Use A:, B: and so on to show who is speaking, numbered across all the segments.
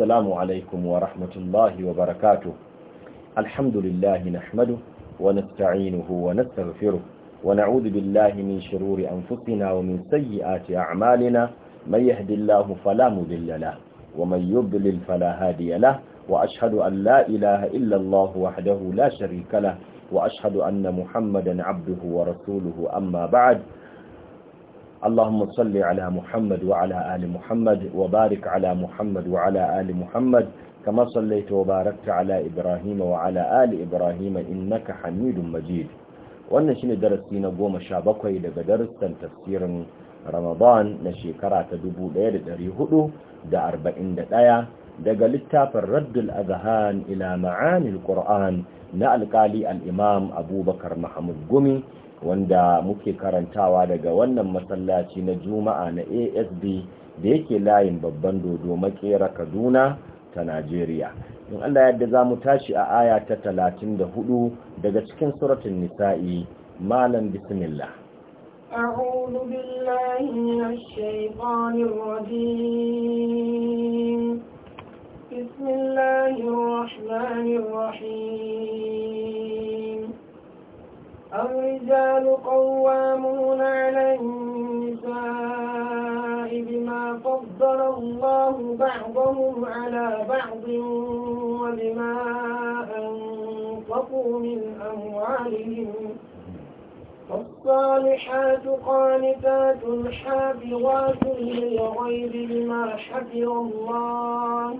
A: السلام عليكم ورحمة الله وبركاته الحمد لله نحمده ونستعينه ونستغفره ونعوذ بالله من شرور أنفسنا ومن سيئات أعمالنا من يهد الله فلا مذل له ومن يضلل فلا هادي له وأشهد أن لا إله إلا الله وحده لا شريك له وأشهد أن محمدا عبده ورسوله أما بعد اللهم صل على محمد وعلى آل محمد وبارك على محمد وعلى آل محمد كما صليت وباركت على إبراهيم وعلى آل إبراهيم إنك حميد مجيد wannan shine darasi na goma sha bakwai daga darussan tafsirin ramadan na shekara ta dubu ɗaya da ɗari hudu da arba'in da ɗaya daga littafin raddul azhan ila ma'anil qur'an na alkali imam abubakar mahmud gumi wanda muke karantawa daga wannan masallaci na juma'a na asb da yake layin babban dodo makera kaduna ta najeriya in allah yadda za mu tashi a aya ta talatin da hudu daga cikin suratun nisa'i malam bismillah
B: أعوذ بالله من الشيطان الرجيم بسم الله الرحمن الرحيم الرجال قوامون على النساء بما فضل الله بعضهم على بعض وبما أنفقوا من أموالهم الصالحات قانتات حافظات للغيب بما حفظ الله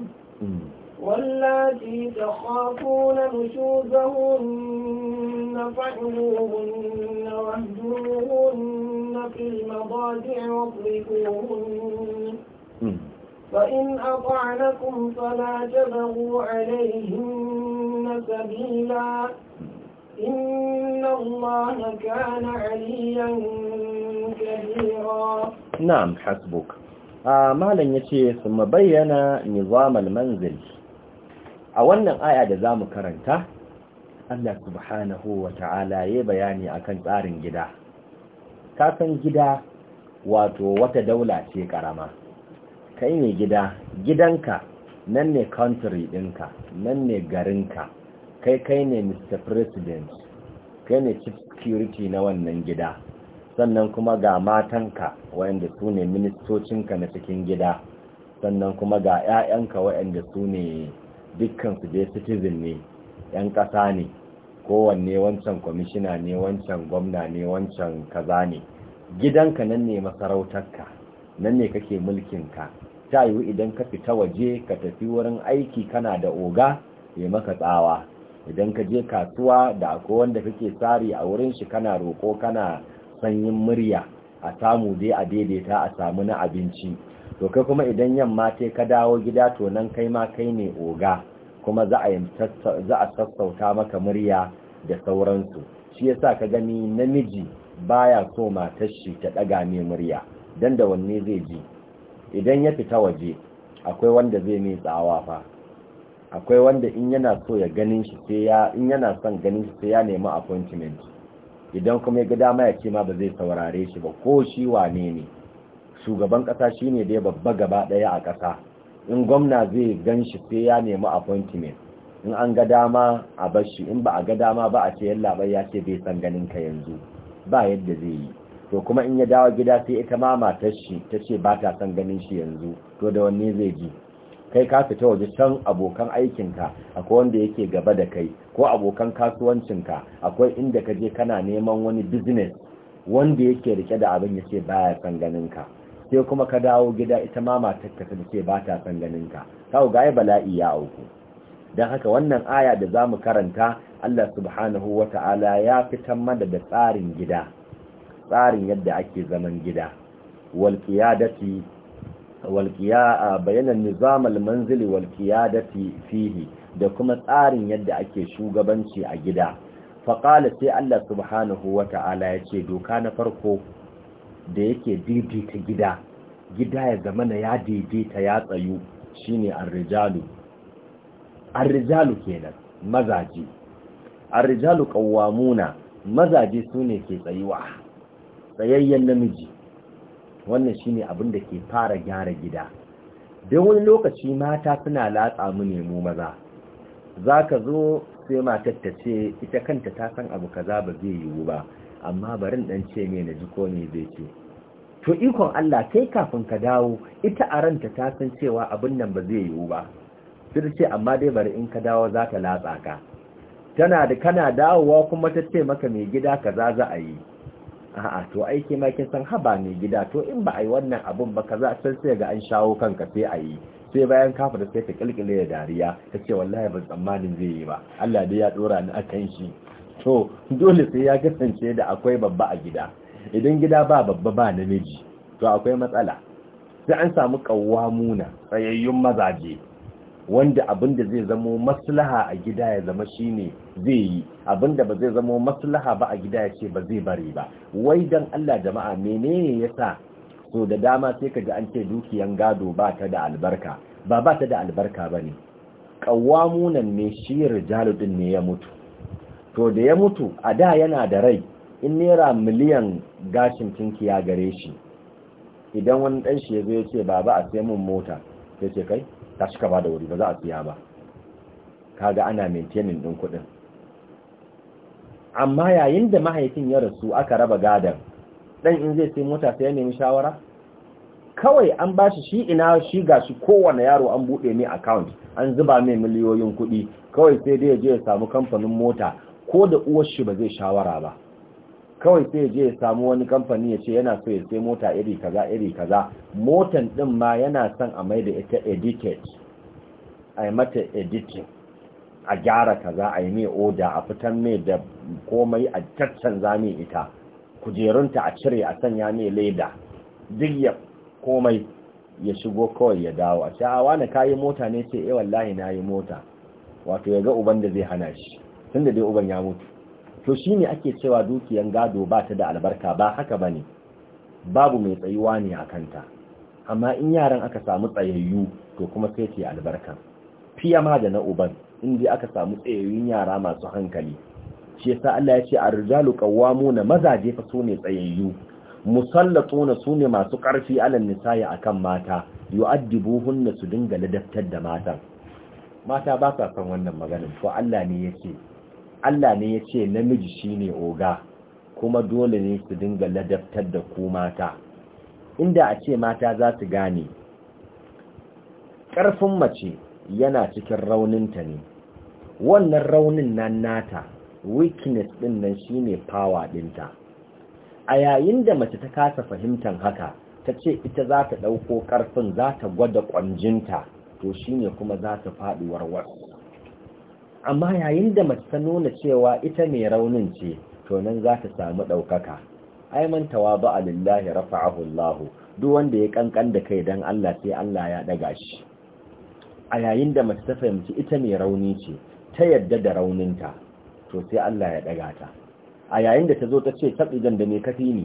B: واللاتي تخافون نشوزهن فعلوهن واهجروهن في المضاجع واضربوهن فإن أطعنكم فلا تبغوا عليهن سبيلا إن الله كان عليا كبيرا
A: نعم حسبك آه لن يتي ثم بين نظام المنزل a wannan aya da za mu karanta Allah subhanahu wa ta'ala ya bayani akan tsarin gida kasan gida wato wata daula ce karama kai ne gida gidanka nan ne country dinka? nan ne ka? kai kai ne mr president kai ne chief security na wannan gida sannan kuma ga matanka waɗanda su ne ministocinka na cikin gida sannan kuma ga 'ya'yanka waɗanda su ne dukkan su dai citizen ne yan ƙasa ne kowanne wancan kwamishina ne wancan gwamna ne wancan kaza ne gidanka nan ne masarautarka nan ne kake mulkinka ta yiwu idan ka fita waje ka tafi wurin aiki kana da oga ya maka tsawa idan ka je kasuwa da akwai wanda kake tsari a wurin shi kana roko kana sanyin murya a samu dai a daidaita a samu na abinci to kai kuma idan yamma ce ka dawo gida to nan kai ma kai ne oga kuma za a sassauta maka murya da sauransu shi yasa ka gani namiji baya so matar shi ta daga mai murya dan da wanne zai ji idan ya fita waje akwai wanda zai mai tsawa fa akwai wanda in yana so ya ganin shi sai ya in yana son ganin shi sai ya nemi appointment idan kuma ya ga dama ya ce ma ba zai saurare shi ba ko shi wane ne shugaban ƙasa shine da ya babba gaba ɗaya a ƙasa in gwamna zai ganshi sai ya nemi appointment in an ga dama a bashi in ba a ga dama ba a ce yalla bai ya ce bai san ganin ka yanzu ba yadda zai yi to kuma in ya dawo gida sai ita ma matar shi ta ce ba ta san ganin shi yanzu to da wanne zai ji kai ka fita waje can abokan aikin ka akwai wanda yake gaba da kai ko abokan kasuwancin ka akwai inda ka je kana neman wani business wanda yake rike da abin ya ce baya san ganin ka sai kuma ka dawo gida ita ma ta ka ce ba ta san ganin ka kawo ga bala'i ya auku don haka wannan aya da za mu karanta Allah subhanahu wa ta'ala ya fitan mana da tsarin gida tsarin yadda ake zaman gida walƙiyadati walƙiya bayanan nizam almanzili walƙiyadati fihi da kuma tsarin yadda ake shugabanci a gida faƙala sai Allah subhanahu wa ta'ala ya ce doka na farko da yake daidaita gida gida ya zama na ya daidaita ya tsayu shine ar-rijalu ar-rijalu kenan mazaji ar-rijalu Muna, mazaji sune ke tsayuwa tsayayyen namiji wannan shine abin da ke fara gyara gida don wani lokaci mata suna latsa mu nemo maza za ka zo sai matar ta ita kanta ta san abu kaza ba zai yiwu ba amma barin dan ce me na ji ko ne zai ce to ikon Allah kai kafin ka dawo ita a ranta ta san cewa abin nan ba zai yiwu ba sai ce amma dai bari in ka dawo za ta latsa ka tana da kana dawowa kuma ta ce maka mai gida kaza za a yi a'a to aiki ma kin san haba mai gida to in ba a yi wannan abun ba kaza san sai ga an shawo kanka sai a yi sai bayan kafa da sai ta kilkile da dariya ta ce wallahi ban tsammanin zai yi ba Allah dai ya dora ni akan shi to dole sai ya kasance da akwai babba a gida idan gida ba babba ba namiji to akwai matsala sai an samu kawamuna tsayayyun mazaje wanda abin da zai zamo maslaha a gida ya zama shine zai yi abin da ba zai zamo maslaha ba a gida ya ce ba zai bari ba wai dan Allah jama'a menene yasa so da dama sai ka ji an ce dukiyan gado ba ta da albarka ba ba ta da albarka bane kawamunan ne shi rijaludin ne ya mutu to da ya mutu a da yana da rai in naira miliyan gashin tinki ya gare shi idan wani ɗan shi ya zo ya ce ba a sai mun mota ya ce kai ta shi ba da wuri ba za a siya ba kaga ana maintainin ɗin kuɗin amma yayin da mahaifin ya rasu aka raba gadon ɗan in zai sai mota sai ya nemi shawara kawai an ba shi shi ina shi ga shi kowane yaro an buɗe mai akawunt an zuba mai miliyoyin kuɗi kawai sai dai ya je ya samu kamfanin mota ko da uwar shi ba zai shawara ba kawai sai je ya samu wani kamfani ya ce yana so ya sai mota iri kaza iri kaza motan din ma yana son a mai da ita edited a yi mata editing a gyara kaza a yi mai oda a fitan mai da komai a caccanza mai ita kujerunta a cire a sanya mai leda duk ya komai ya shigo kawai ya dawo a ce a wani kayi mota ne ce e wallahi na yi mota wato ya ga uban da zai hana shi tun da dai uban ya mutu to shi ne ake cewa dukiyan gado ba ta da albarka ba haka ba ne. babu mai tsayuwa ne a kanta amma in yaran aka samu tsayayyu to kuma sai ce albarka fiye ma da na uban inda aka samu tsayayyun yara masu hankali shi yasa Allah ya ce a rijalu na mazaje fa sune tsayayyu su sune masu ƙarfi alal nisaya akan mata na su dinga ladabtar da matan mata ba sa san wannan maganin to Allah ne yake Allah ne ya ce namiji shine oga kuma dole ne su dinga ladabtar da ku mata inda a ce mata za su gane ƙarfin mace yana cikin rauninta ne wannan raunin nan nata weakness ɗin nan shine power ɗinta a yayin da mace ta kasa fahimtar haka ta ce ita za ta ɗauko ƙarfin za ta gwada ƙwanjinta to shine kuma za ta faɗi warwar amma yayin da mace ta nuna cewa ita mai raunin ce to nan za ta samu ɗaukaka aiman tawaba alillahi rafa'ahu Allah duk wanda ya kankan da kai dan Allah sai Allah ya daga shi a yayin da mace ta fahimci ita mai rauni ce ta yadda da rauninta to sai Allah ya ɗaga ta a yayin da ta zo ta ce tabijan da me kafi ni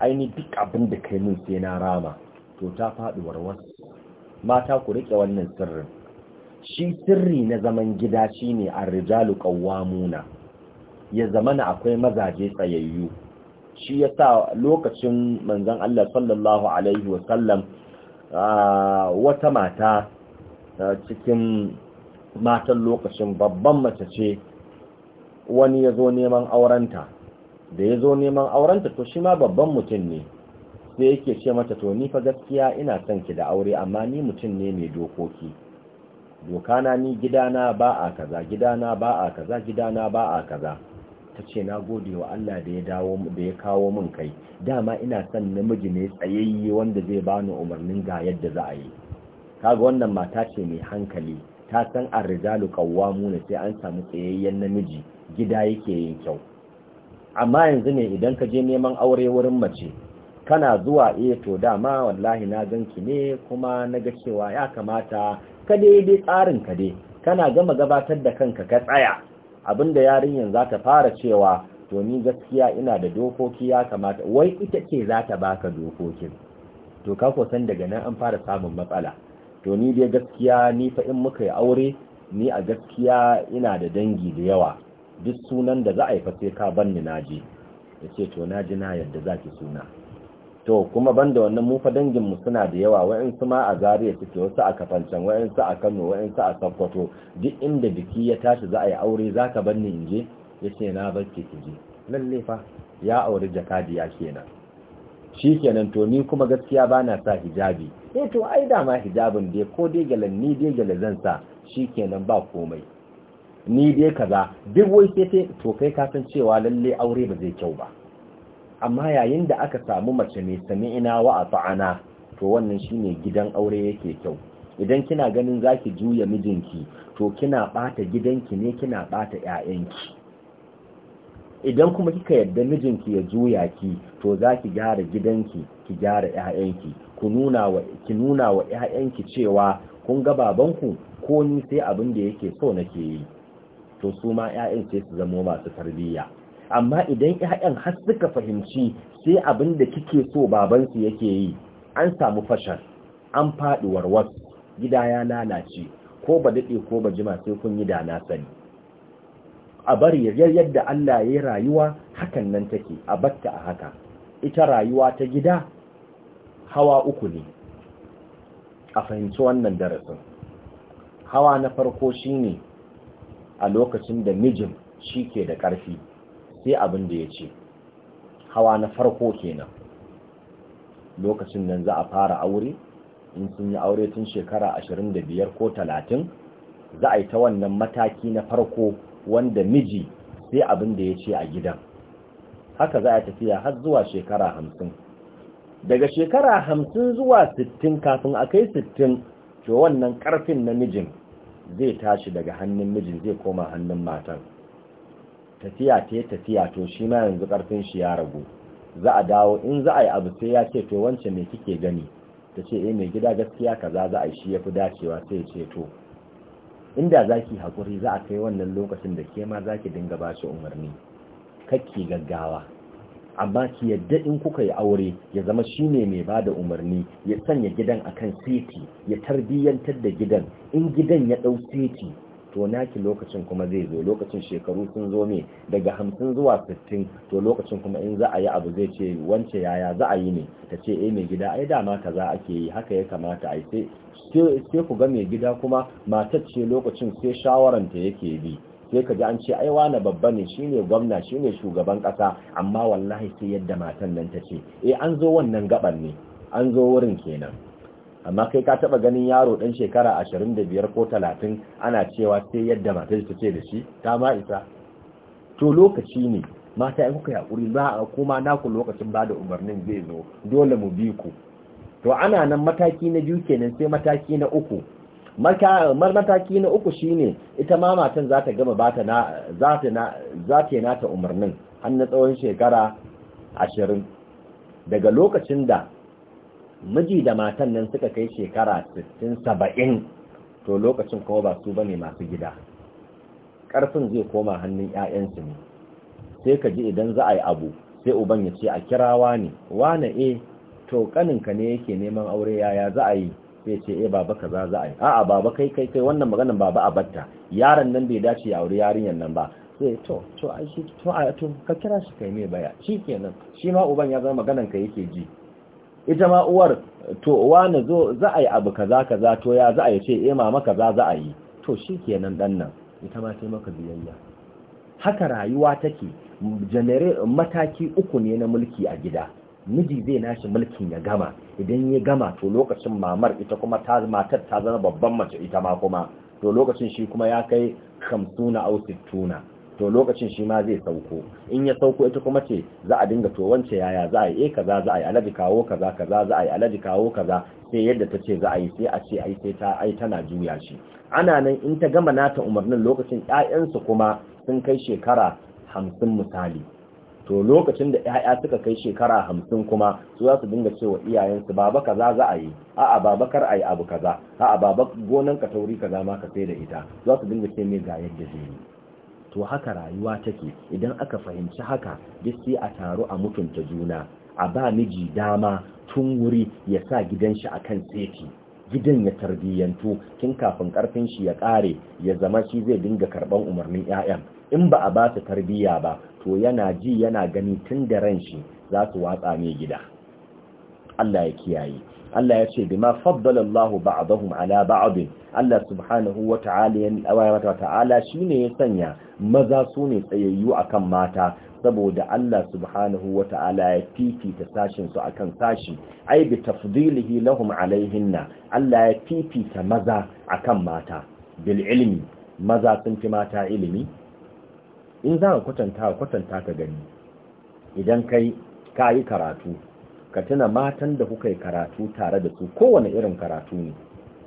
A: aini duk abin da kai mun sai na rama to ta faɗi warwas mata ku riƙe wannan sirrin shi sirri na zaman gida shine a rijalu qawwamuna ya zamana akwai mazaje tsayayyu shi ya sa lokacin manzan Allah sallallahu alaihi wasallam wata mata cikin matan lokacin babban mace ce wani ya zo neman aurenta da ya zo neman aurenta to shi ma babban mutum ne sai yake ce mata to ni fa gaskiya ina son ki da aure amma ni mutum ne mai dokoki doka na ni gidana ba a kaza gidana ba a kaza gidana ba a kaza ta ce na gode wa Allah da ya dawo da ya kawo min kai dama ina son namiji ne tsayayye wanda zai bani umarnin ga yadda za a yi kaga wannan mata ce mai hankali ta san arrijalu ne sai an samu tsayayyen namiji gida yake yin kyau amma yanzu ne idan ka je neman aure wurin mace kana zuwa eh to dama wallahi na ganki ne kuma na ga cewa ya kamata ka dai dai tsarin ka dai kana gama gabatar da kanka ka tsaya abinda yarinyar za ta fara cewa to ni gaskiya ina da dokoki ya kamata wai ita ce za ta baka dokokin to ka san daga nan an fara samun matsala to ni dai gaskiya ni fa in muka yi aure ni a gaskiya ina da dangi da yawa duk sunan da za a yi fa sai ka banni naji ya ce to naji na yadda zaki suna to kuma banda wannan mufa fa dangin mu suna da yawa wayansu ma a Zariya suke wasu a Kafancan wayansu a Kano wayansu a Sokoto duk inda biki ya tashi za a yi aure zaka bar ni inje yace na barke ki je lalle fa ya aure ya kenan shikenan to ni kuma gaskiya bana sa hijabi eh to ai da ma hijabin dai ko dai galan ni dai galan zan sa shikenan ba komai ni dai kaza duk wai sai to kai ka san cewa lalle aure ba zai kyau ba amma yayin da aka samu mace mai sami'ina wa fa'ana, to wannan shine gidan aure yake kyau idan kina ganin zaki juya mijinki to kina bata gidanki ne kina bata 'ya'yanki. idan kuma kika yadda mijinki ya juya ki to zaki gyara gidanki ki gyara ƴaƴanki ku nuna ki nuna wa ƴaƴanki cewa kun ga babanku ko ni sai abin da yake so nake yi to su ma ƴaƴan sai su zamo masu tarbiyya amma idan ƴaƴan har suka fahimci sai abin da kike so babansu yake yi an samu fashar an faɗi warwas gida ya lalace ko ba daɗe ko ba jima sai kun yi da na sani a bari yadda Allah ya yi rayuwa hakan nan take a batta a haka ita rayuwa ta gida hawa uku ne a fahimci wannan darasin hawa na farko shine a lokacin da mijin shi ke da ƙarfi sai abin da ya ce hawa na farko kenan lokacin nan za a fara aure in sun yi aure tun shekara ashirin da biyar ko talatin za a yi ta wannan mataki na farko wanda miji sai abin da ya ce a gidan haka za a tafiya har zuwa shekara hamsin daga shekara hamsin zuwa sittin kafin a kai sittin to wannan karfin na mijin zai tashi daga hannun mijin zai koma hannun matan tafiya ta yi tafiya to shi ma yanzu karfin shi ya ragu za a dawo in za a yi abu sai ya ce to wance me kike gani ta ce eh mai gida gaskiya kaza za a yi shi ya fi dacewa sai ya ce to inda za ki haƙuri za a kai wannan lokacin da ke ma za ki dinga ba shi umarni kakki gaggawa amma ki yadda in kuka yi aure ya zama shi ne mai ba da umarni ya sanya gidan akan seti ya tarbiyyantar da gidan in gidan ya ɗau seti to naki lokacin kuma zai zo lokacin shekaru sun zo me daga hamsin zuwa sittin to lokacin kuma in za a yi abu zai ce wance yaya za a yi ne ta ce eh mai gida ai dama za ake yi haka ya kamata a yi sai ku ga mai gida kuma matar ce lokacin sai ta yake bi sai ka ji an ce ai wani babba ne shine gwamna shine shugaban kasa amma wallahi sai yadda matan nan ta ce eh an zo wannan gaban ne an zo wurin kenan amma kai ka taba ganin yaro dan shekara 25 ko 30 ana cewa sai yadda matar ta ce da shi ta ma isa to lokaci ne mata in kuka yaƙuri za a kuma ku lokacin ba da umarnin zai zo dole mu bi ku to ana nan mataki na biyu kenan sai mataki na uku mar mataki na uku shine ita ma matan za ta gama ba ta na za ta na za ta na ta umarnin har na tsawon shekara 20 daga lokacin da miji da matan nan suka kai shekara sittin 70 to lokacin kuma ba su ba ne masu gida Ƙarfin zai koma hannun 'ya'yansu ne sai ka ji idan za a yi abu sai uban ya ce a kira wani wani eh to kaninka ne yake neman aure yaya za a yi sai ce e, baba kaza za a yi a'a baba kai kai kai wannan maganin baba a batta yaron nan bai dace ya aure yarinyar nan ba sai to to ai shi to a to ka kira shi kai mai baya kenan shi ma uban ya zama maganan ka yake ji ita ma uwar to wani zo za a yi abu kaza kaza to ya za a yi ce eh mama kaza za a yi to shikenan dan nan ita ma sai maka biyayya haka rayuwa take janare mataki uku ne na mulki a gida miji zai nashi mulkin ya gama idan ya gama to lokacin mamar ita kuma ta matar ta zama babban mace ita ma kuma to lokacin shi kuma ya kai kamsuna au sittuna to lokacin shi ma zai sauko in ya sauko ita kuma ce za a dinga to wance yaya za a yi eh, kaza za a yi alaji kawo kaza kaza za a yi alaji kawo kaza sai yadda ta ce za a yi sai a ce ai sai ta ai tana juya shi ana nan in ta gama nata umarnin lokacin ƴaƴansu kuma sun kai shekara hamsin misali to lokacin da ƴaƴa suka kai shekara hamsin kuma su za su dinga cewa iyayensu baba kaza za a yi a'a baba kar a yi abu kaza a'a baba gonan ka tauri kaza ma ka sai da ita za su dinga ce me ga yadda zai yi to haka rayuwa take idan aka fahimci haka duk sai a taru a mutunta juna a ba miji dama tun wuri ya sa gidan shi akan tsefi gidan ya tarbiyyantu kin kafin karfin shi ya kare ya zama shi zai dinga karban umarnin ƴaƴan in ba a ba su tarbiyya ba to yana ji yana gani tun da ran shi za su watsa mai gida Allah ya kiyaye Allah ya ce bima faddalallahu Allahu ba'dahum ala ba'd Allah subhanahu wa ta'ala shine ya sanya maza su ne tsayayyu akan mata saboda Allah subhanahu wa ta'ala ya fifita sashin su akan sashi ai bi tafdilihi lahum alaihinna Allah ya fifita maza akan mata bil ilmi maza sun fi mata ilimi in za ka kwatanta kwatanta ka gani idan kai ka yi karatu ka tuna matan da kuka yi karatu tare da su kowane irin karatu ne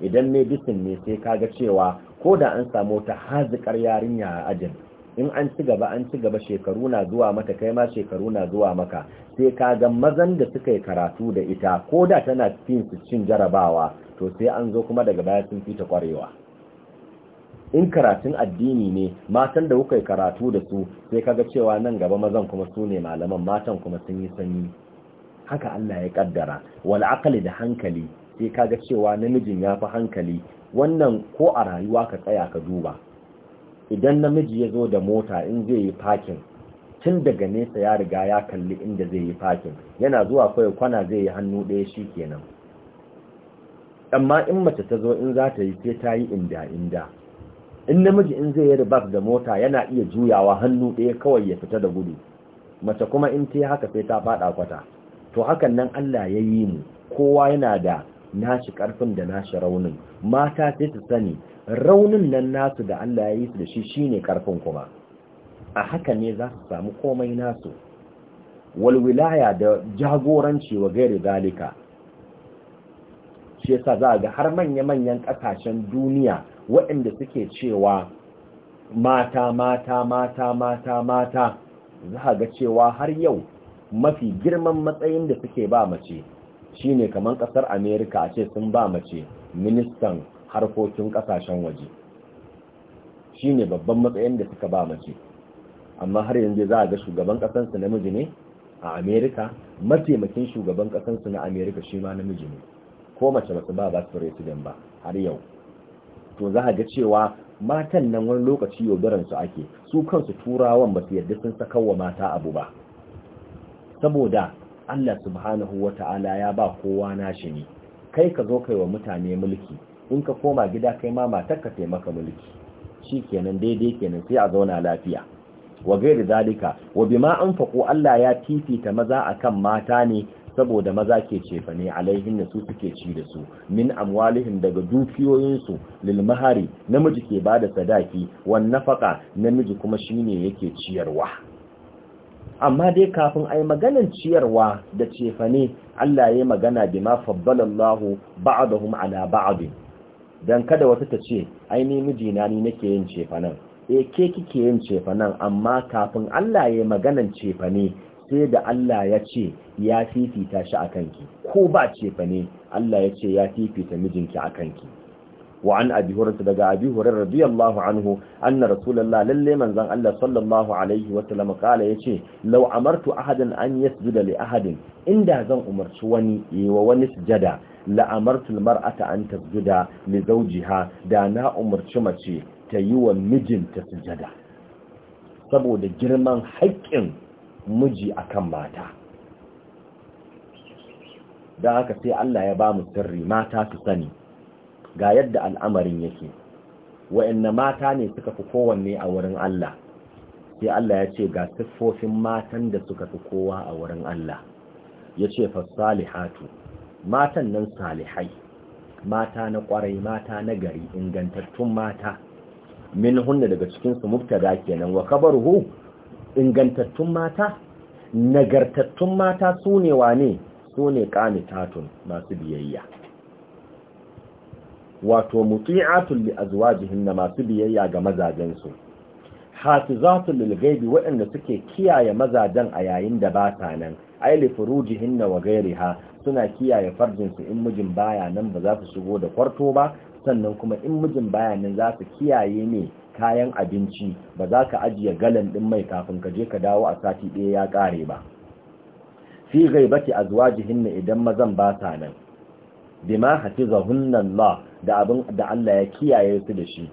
A: idan ne bisin ne sai ka ga cewa ko da an samu ta hazikar yarinya a ajin in an ci gaba an ci gaba shekaru na zuwa mata kai ma shekaru na zuwa maka sai ka ga mazan da suka yi karatu da ita ko da tana cin su cin jarabawa to sai an zo kuma daga baya sun fita kwarewa in karatun addini ne matan da kuka yi karatu da su sai ka ga cewa nan gaba mazan kuma su ne malaman matan kuma sun yi sanyi haka Allah ya kaddara wal aqli da hankali sai kaga cewa namijin ya fi hankali wannan ko a rayuwa ka tsaya ka duba idan namiji ya zo da mota in zai yi parking tun daga nesa ya riga ya kalli inda zai yi parking yana zuwa kawai kwana zai yi hannu ɗaya shi kenan amma in mace ta zo in za ta yi sai ta yi inda inda in namiji in zai yi ribas da mota yana iya juyawa hannu ɗaya kawai ya fita da gudu mace kuma in ta haka sai ta faɗa kwata to hakan nan Allah ya yi mu kowa yana da nashi karfin da nashi raunin mata sai su sani raunin nan nasu da Allah ya yi su da shi shine karfin kuma a haka ne za su samu komai nasu Walwilaya da jagoranci wa gairi zalika shi yasa ga har manya-manyan kasashen duniya waɗanda suke cewa mata mata mata mata mata za ga cewa har yau mafi girman matsayin da suke ba mace shine kamar kasar America a ce sun ba mace ministan harkokin kasashen waje shine babban matsayin da suka ba mace amma har yanzu za a ga shugaban kasansu namiji ne a America mataimakin shugaban kasansu na America shi ma namiji ne ko mace ba su ba ba su president ba har yau to za a ga cewa matan nan wani lokaci yaudaransu ake su kansu turawan ba su yarda sun sakawa mata abu ba saboda Allah subhanahu ta'ala ya ba kowa nashi ne kai ka zo kai wa mutane mulki in ka koma gida kai ma matar ka taimaka mulki shi kenan daidai kenan sai a zauna lafiya wa gairi zalika wa bima anfaqu Allah ya fifita maza akan mata ne saboda maza ke cefa ne alaihin su suke ci da su min amwalihin daga dukiyoyinsu lil mahari namiji ke bada sadaki wan nafaka namiji kuma shine yake ciyarwa amma dai kafin ai maganan ciyarwa da cefane Allah ya magana ma faddalallahu ba'dahum ala ba'd dan kada wata ta ce aini mijina ni nake yin cefanen. eh ke kike yin cefanen? amma kafin Allah ya maganan cefane sai da Allah ya ce ya fifita shi a kanki, ko ba cefane Allah ya ce ya fifita mijinki a kanki. wa an abi daga abi hurairah radiyallahu anhu anna rasulullah lalle manzon Allah sallallahu alaihi wa sallam kala yace law amartu ahadin an yasjuda li ahadin inda zan umarci wani wa wani sujada la amartu almar'ata an tasjuda li zawjiha da na umarci mace ta yi wa mijinta sujada saboda girman haƙƙin miji akan mata don haka sai Allah ya ba mu sirri mata su sani ga yadda al'amarin yake wa'anna mata ne suka fi kowanne a wurin Allah sai Allah ya ce ga siffofin matan da suka fi kowa a wurin Allah ya ce fasalihatu matan nan salihai mata na kwarai mata na gari ingantattun mata min hunna daga cikinsu mubtada kenan wa kabaruhu ingantattun mata nagartattun mata su ne wane su ne masu biyayya wato muti'atul li na masu biyayya ga mazajensu hafizatul lil ghaibi waɗanda suke kiyaye mazajen a yayin da ba ta nan ay li na wa ghayriha suna kiyaye farjinsu in mijin baya nan ba za su shigo da kwarto ba sannan kuma in mijin baya nan za su kiyaye ne kayan abinci ba za ka ajiye galan din mai kafin ka je ka dawo a sati ɗaya ya ƙare ba fi ghaibati azwajihinna idan mazan ba ta nan bima hafizahunna Allah da abin da Allah ya kiyaye su da shi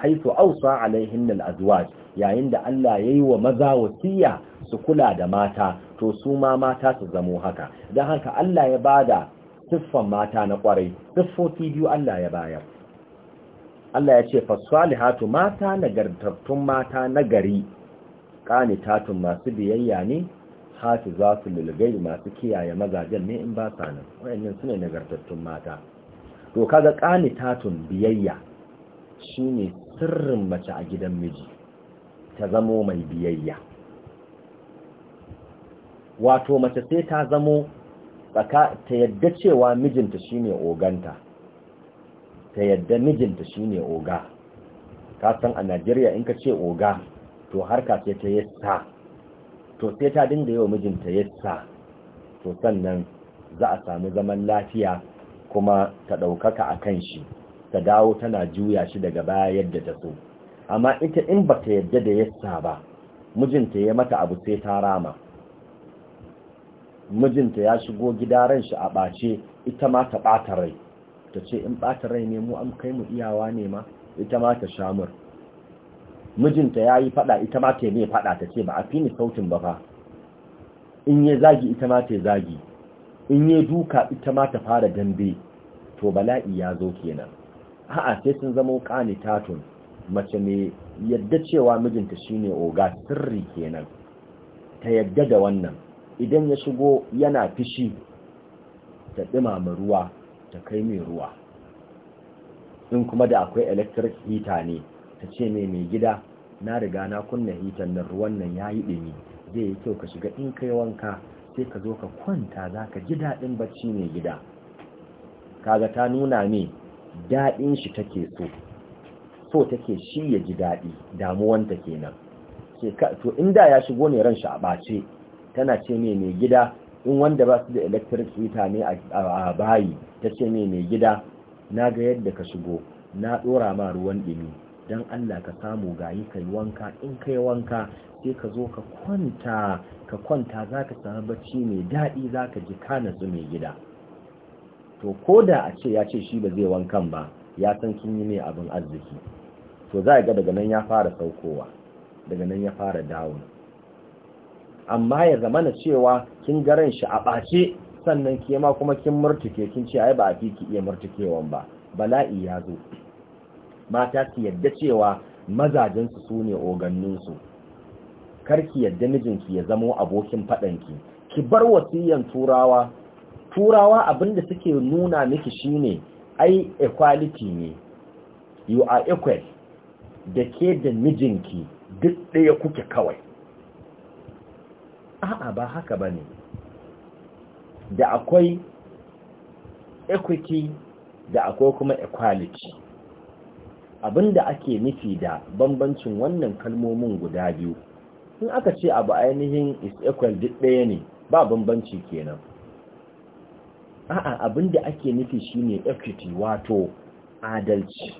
A: haitu ausa alaihin azuwaj yayin da Allah ya yi wa maza wasiya su kula da mata to su ma mata su zamo haka don haka Allah ya ba da siffan mata na kwarai siffofi biyu Allah ya bayar Allah ya ce hatu mata nagartattun mata nagari tatun masu biyayya ne hatu za su lulgai masu kiyaye mazajen ne in ba sa nan su sune nagartattun mata to kaga tatun biyayya shine sirrin mace a gidan miji ta zamo mai biyayya wato mace sai ta zamo tsaka ta yadda cewa mijinta shine oganta ta yadda mijinta shine oga ka san a Najeriya in ka ce oga to harka sai ta yassa to sai ta dinga yau mijinta yassa to sannan za a samu zaman lafiya kuma ta ɗaukaka a kan shi ta dawo tana juya shi daga baya yadda ta so amma ita in ba ta yadda da yasa ba mijinta ya mata abu sai ta rama mijinta ya shigo gida ran shi a ɓace ita ma ta ɓata rai ta ce in ɓata rai ne mu an kai mu iyawa ne ma ita ma ta shamur mijinta ya yi faɗa ita ma ta yi faɗa ta ce ba a fini sautin ba fa in ya zagi ita ma ta zagi in ya duka ita ma ta fara dambe to bala'i ya zo kenan a'a sai sun zama tatun mace ne yadda cewa mijinta shine oga sirri kenan ta yadda da wannan idan ya shigo yana fishi ta ɗimama ruwa ta kai mai ruwa in kuma da akwai electric heater ne ta ce mai mai gida na riga na kunna hitan nan ruwan nan yayi yi zai yi kyau ka shiga in kai wanka sai ka zo ka kwanta za ka ji daɗin bacci mai gida kaga ta nuna ne daɗin shi take so so take shi ya ji daɗi damuwanta kenan ke in to inda ya shigo ne ran shi a ɓace tana ce mai mai gida in wanda ba su da electric heater ne a bayi ta ce mai mai gida na ga yadda ka shigo na ɗora ma ruwan ɗini, don Allah ka samu gayi kai wanka in kai wanka sai ka zo ka kwanta ka kwanta za ka sami bacci mai daɗi za ka ji ka na mai gida to ko da a ce ya ce shi ba zai wankan ba ya san kin yi mai abin arziki to za a ga daga nan ya fara saukowa daga nan ya fara dawon amma ya zama na cewa kin garan shi a ɓace sannan ke kuma kin murtuke kin ce ai ba a fi ki iya murtukewan ba bala'i ya zo mata su yadda cewa mazajensu su ne oganninsu karki yadda mijinki ya zamo abokin faɗanki ki bar wasiyan turawa turawa abin da suke nuna miki shine ai equality ne you are equal da ke da mijinki duk ɗaya kuke kawai a'a ba haka bane ne da akwai equity da akwai kuma equality abinda ake nufi da bambancin wannan kalmomin guda biyu in aka ce abu ainihin is equal duk ɗaya ne ba bambanci kenan a'a abin da ake nufi shine equity wato adalci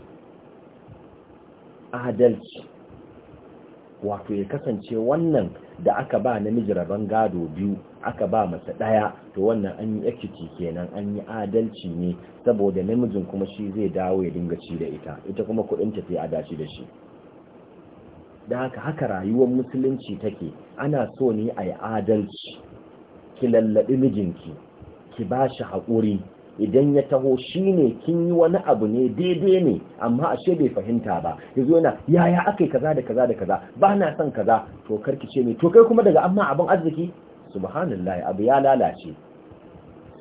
A: adalci wato ya kasance wannan da aka ba namiji rabon gado biyu aka ba masa ɗaya to wannan an yi equity kenan an yi adalci ne saboda namijin kuma shi zai dawo ya dinga ci da ita ita kuma kuɗin tafi a dace da shi da haka haka rayuwar musulunci take ana so ne a yi adalci ki lallaɓi mijinki ki ba shi haƙuri idan ya taho shi ne kin yi wani abu ne daidai ne amma ashe bai fahimta ba ya zo yana yaya aka yi kaza da kaza da kaza ba na son kaza to karki ce mai to kai kuma daga amma abin arziki subhanallah abu ya lalace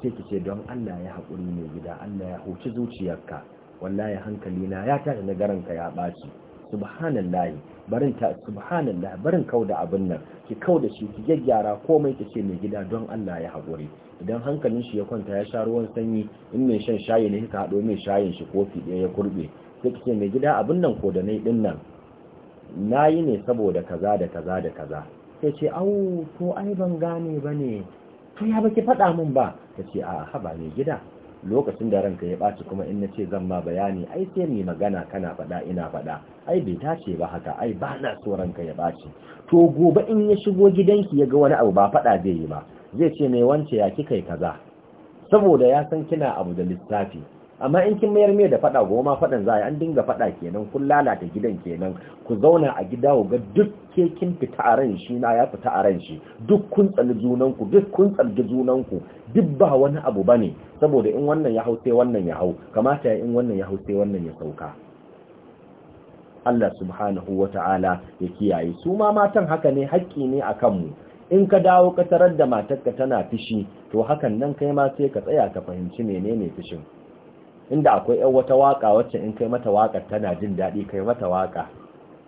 A: sai ki ce don Allah ya haƙuri mai gida Allah ya hoci zuciyarka wallahi hankali na ya tashi na garanka ya ɓaci subhanallah barin ta subhanallah barin kauda abin nan ki kauda shi ki gyaggyara komai ki ce mai gida don Allah ya haƙuri idan hankalin shi ya kwanta ya sha ruwan sanyi in mai shan shayi ne ka haɗo mai shayin shi kofi ɗaya ya kurɓe sai ki ce mai gida abin nan ko da nai din nan nayi ne saboda kaza da kaza da kaza sai ce au to ai ban gane bane to ya baki faɗa min ba ta ce a haba mai gida lokacin da ranka ya ɓaci kuma in na ce zan ma bayani ai sai mai magana kana faɗa ina faɗa ai bai tace ba haka ai ba na so ranka ya ɓaci to gobe in ya shigo gidanki ya ga wani abu ba faɗa zai yi ba zai ce mai wance ya kika yi kaza saboda ya san kina abu da lissafi amma in kin mayar mai da faɗa goma faɗan za a yi an dinga faɗa kenan kun lalata gidan kenan ku zauna a gida ku ga duk ke kin fita a ran shi na ya fita a ran shi duk kun tsali junanku duk kun tsalgi junanku duk ba wani abu ba ne. saboda in wannan ya hau sai wannan ya hau kamata in wannan ya hau sai wannan ya sauka Allah subhanahu wata'ala ya kiyaye su ma matan haka ne haƙƙi ne a mu. in ka dawo ka tarar da matarka tana fishi to hakan nan kai ma sai ka tsaya ka fahimci menene fishin inda akwai yan wata waka wacce in kai mata wakar tana jin daɗi kai mata waka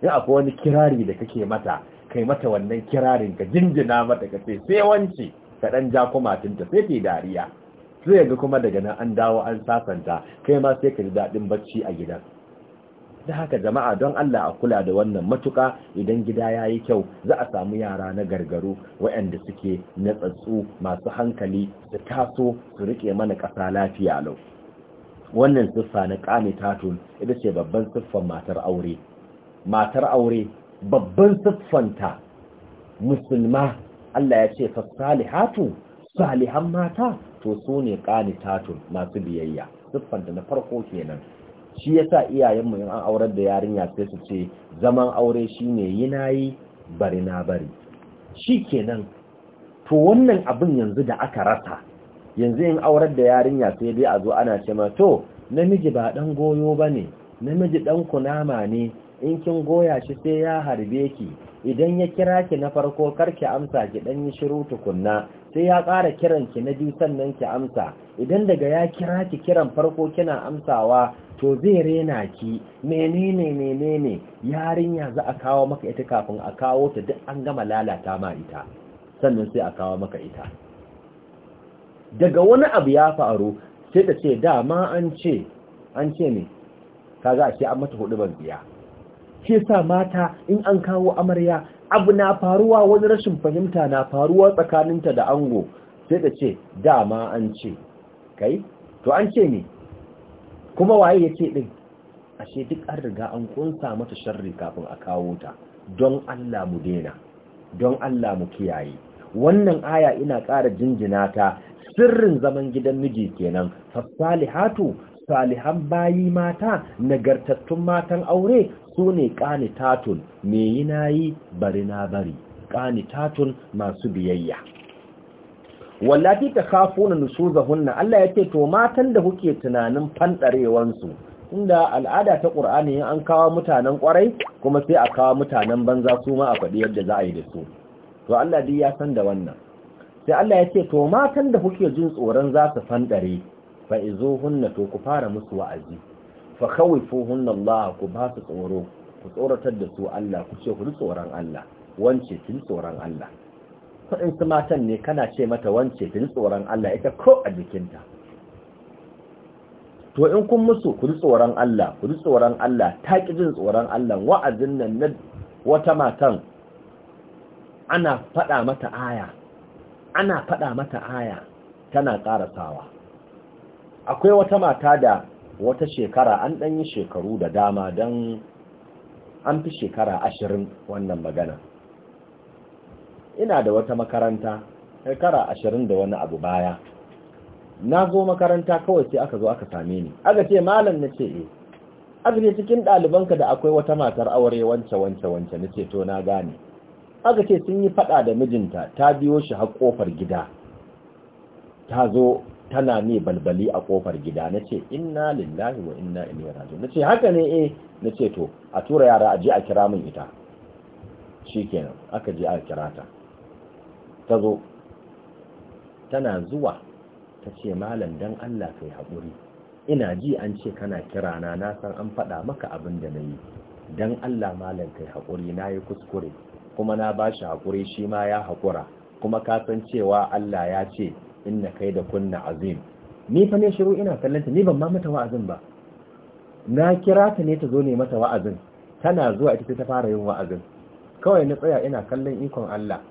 A: in akwai wani kirari da kake mata kai mata wannan kirarin ka jinjina mata ka ce sai wance ka ɗan ja kumatinta sai ta dariya sai ga kuma daga nan an dawo an sasanta, kai ma sai ka ji daɗin bacci a gidan Da haka jama'a don Allah a kula da wannan matuka idan gida ya yi kyau za a samu yara na gargaru waɗanda suke natsatsu masu hankali su taso su riƙe mana ƙasa lafiya lau wannan siffa na ƙane tatun ita ce babban siffan matar aure matar aure babban siffanta musulma Allah ya ce fasalihatu salihan mata to su ne tatun masu biyayya siffar da na farko kenan shi yasa iyayenmu in an aurar da yarinya sai su ce zaman aure shine yi na yi bari na bari shi kenan to wannan abin yanzu da aka rasa yanzu in aurar da yarinya sai dai a zo ana ce ma to namiji ba ɗan goyo ba ne, namiji dan kunama ne in kin goya shi sai ya harbe ki idan ya kira ki na farko karki amsa ki ɗan yi shiru tukunna sai ya ƙara kiran ki na biyu sannan ki amsa idan daga ya kira ki kiran farko kina amsawa to zai rena ki menene menene yarinya za a kawo maka ita kafin a kawo ta duk an gama lalata ma ita sannan sai a kawo maka ita daga wani abu ya faru sai ta ce dama an ce an ce ne kaga a ce an mata hudu ban biya Ke sa mata in an kawo amarya abu na faruwa wani rashin fahimta na faruwa tsakaninta da ango sai ta ce dama an ce kai to an ce ne kuma waye ya ce ɗin ashe duk an riga an kunsa mata sharri kafin a kawo ta don Allah mu dena don Allah mu kiyaye wannan aya ina ƙara jinjina ta sirrin zaman gidan miji kenan fasalihatu salihan bayi mata nagartattun matan aure su ne ƙanitatun me yi na yi bari na bari ƙanitatun masu biyayya wallafi ta kafo na hunna Allah ya ce to matan da kuke tunanin fanɗarewansu inda al'ada ta ƙur'ani an kawo mutanen ƙwarai kuma sai a kawo mutanen banza su ma a faɗi yadda za a yi da su to Allah dai ya san da wannan sai Allah ya ce to matan da kuke jin tsoron za su fanɗare fa hunna to ku fara musu wa'azi fa hunna Allah ku ba su tsoro ku tsoratar da su Allah ku ce ku ji tsoron Allah wance kin tsoron Allah ko in su matan ne kana ce mata wance kin tsoron Allah ita ko a jikinta to in kun musu ku ji tsoron Allah ku ji tsoron Allah ta ki jin tsoron Allah wa'azin nan na wata matan ana faɗa mata aya ana faɗa mata aya tana ƙarasawa akwai wata mata da wata shekara an ɗanyi shekaru da dama don an fi shekara ashirin wannan magana ina da wata makaranta shekara ashirin da wani abu baya na zo makaranta kawai sai aka zo aka same ni aka ce malam na ce e aka ce cikin ɗalibanka da akwai wata matar aure wance wance wance na ce to na gane aka ce sun yi faɗa da mijinta ta biyo shi har kofar gida ta zo tana ne balbali a kofar gida na ce inna lillahi wa inna ilaihi na ce haka ne eh na ce to a tura yara a je a kira min ita kenan aka je a kira ta ta zo tana zuwa ta ce malam dan Allah kai haƙuri ina ji an ce kana kira na na san an faɗa maka abin da na yi dan Allah malam kai haƙuri na yi kuskure kuma na ba shi haƙuri shi ma ya haƙura kuma ka san cewa Allah ya ce inna da kunna azim ni fa ne shiru ina kallanta ni ban ma mata wa'azin ba na kira ta ne ta zo ne mata wa'azin tana zuwa ita ta fara yin wa'azin kawai na tsaya ina kallon ikon Allah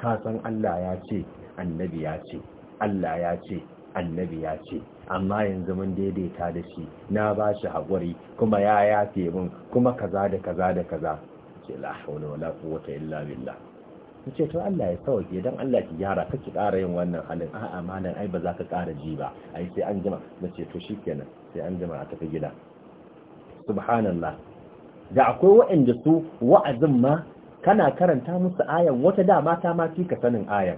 A: ka san Allah ya ce annabi ya ce Allah ya ce annabi ya ce amma yanzu mun daidaita da shi na ba shi haƙuri kuma ya yafe mun kuma kaza da kaza da kaza ce la hawla wala quwwata illa billah ta ce to Allah ya sauke dan Allah ki gyara kake ƙara yin wannan halin a'a malam ai ba za ka ƙara ji ba ai sai an jima na ce to shikenan sai an jima a tafi gida subhanallah da akwai waɗanda su wa'azin ma kana karanta musu ayan wata dama ta ma ka sanin ayan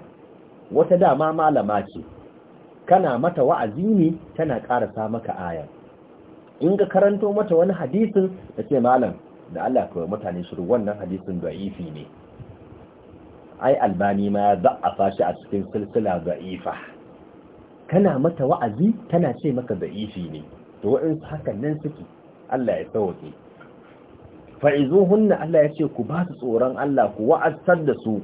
A: wata dama malama ce kana mata wa'azi ne tana ƙarasa maka ayan in ka karanto mata wani hadisin da ce malam da Allah kawai mutane shiru wannan hadisin da ifi ne ai albani ma ya za'afa fashi a cikin silsila za'ifa kana mata wa'azi tana ce maka za'ifi ne to wa'insu hakan nan suke Allah ya sauke fa'izuhunna Allah ya ce ku ba su tsoron Allah ku wa'azar da su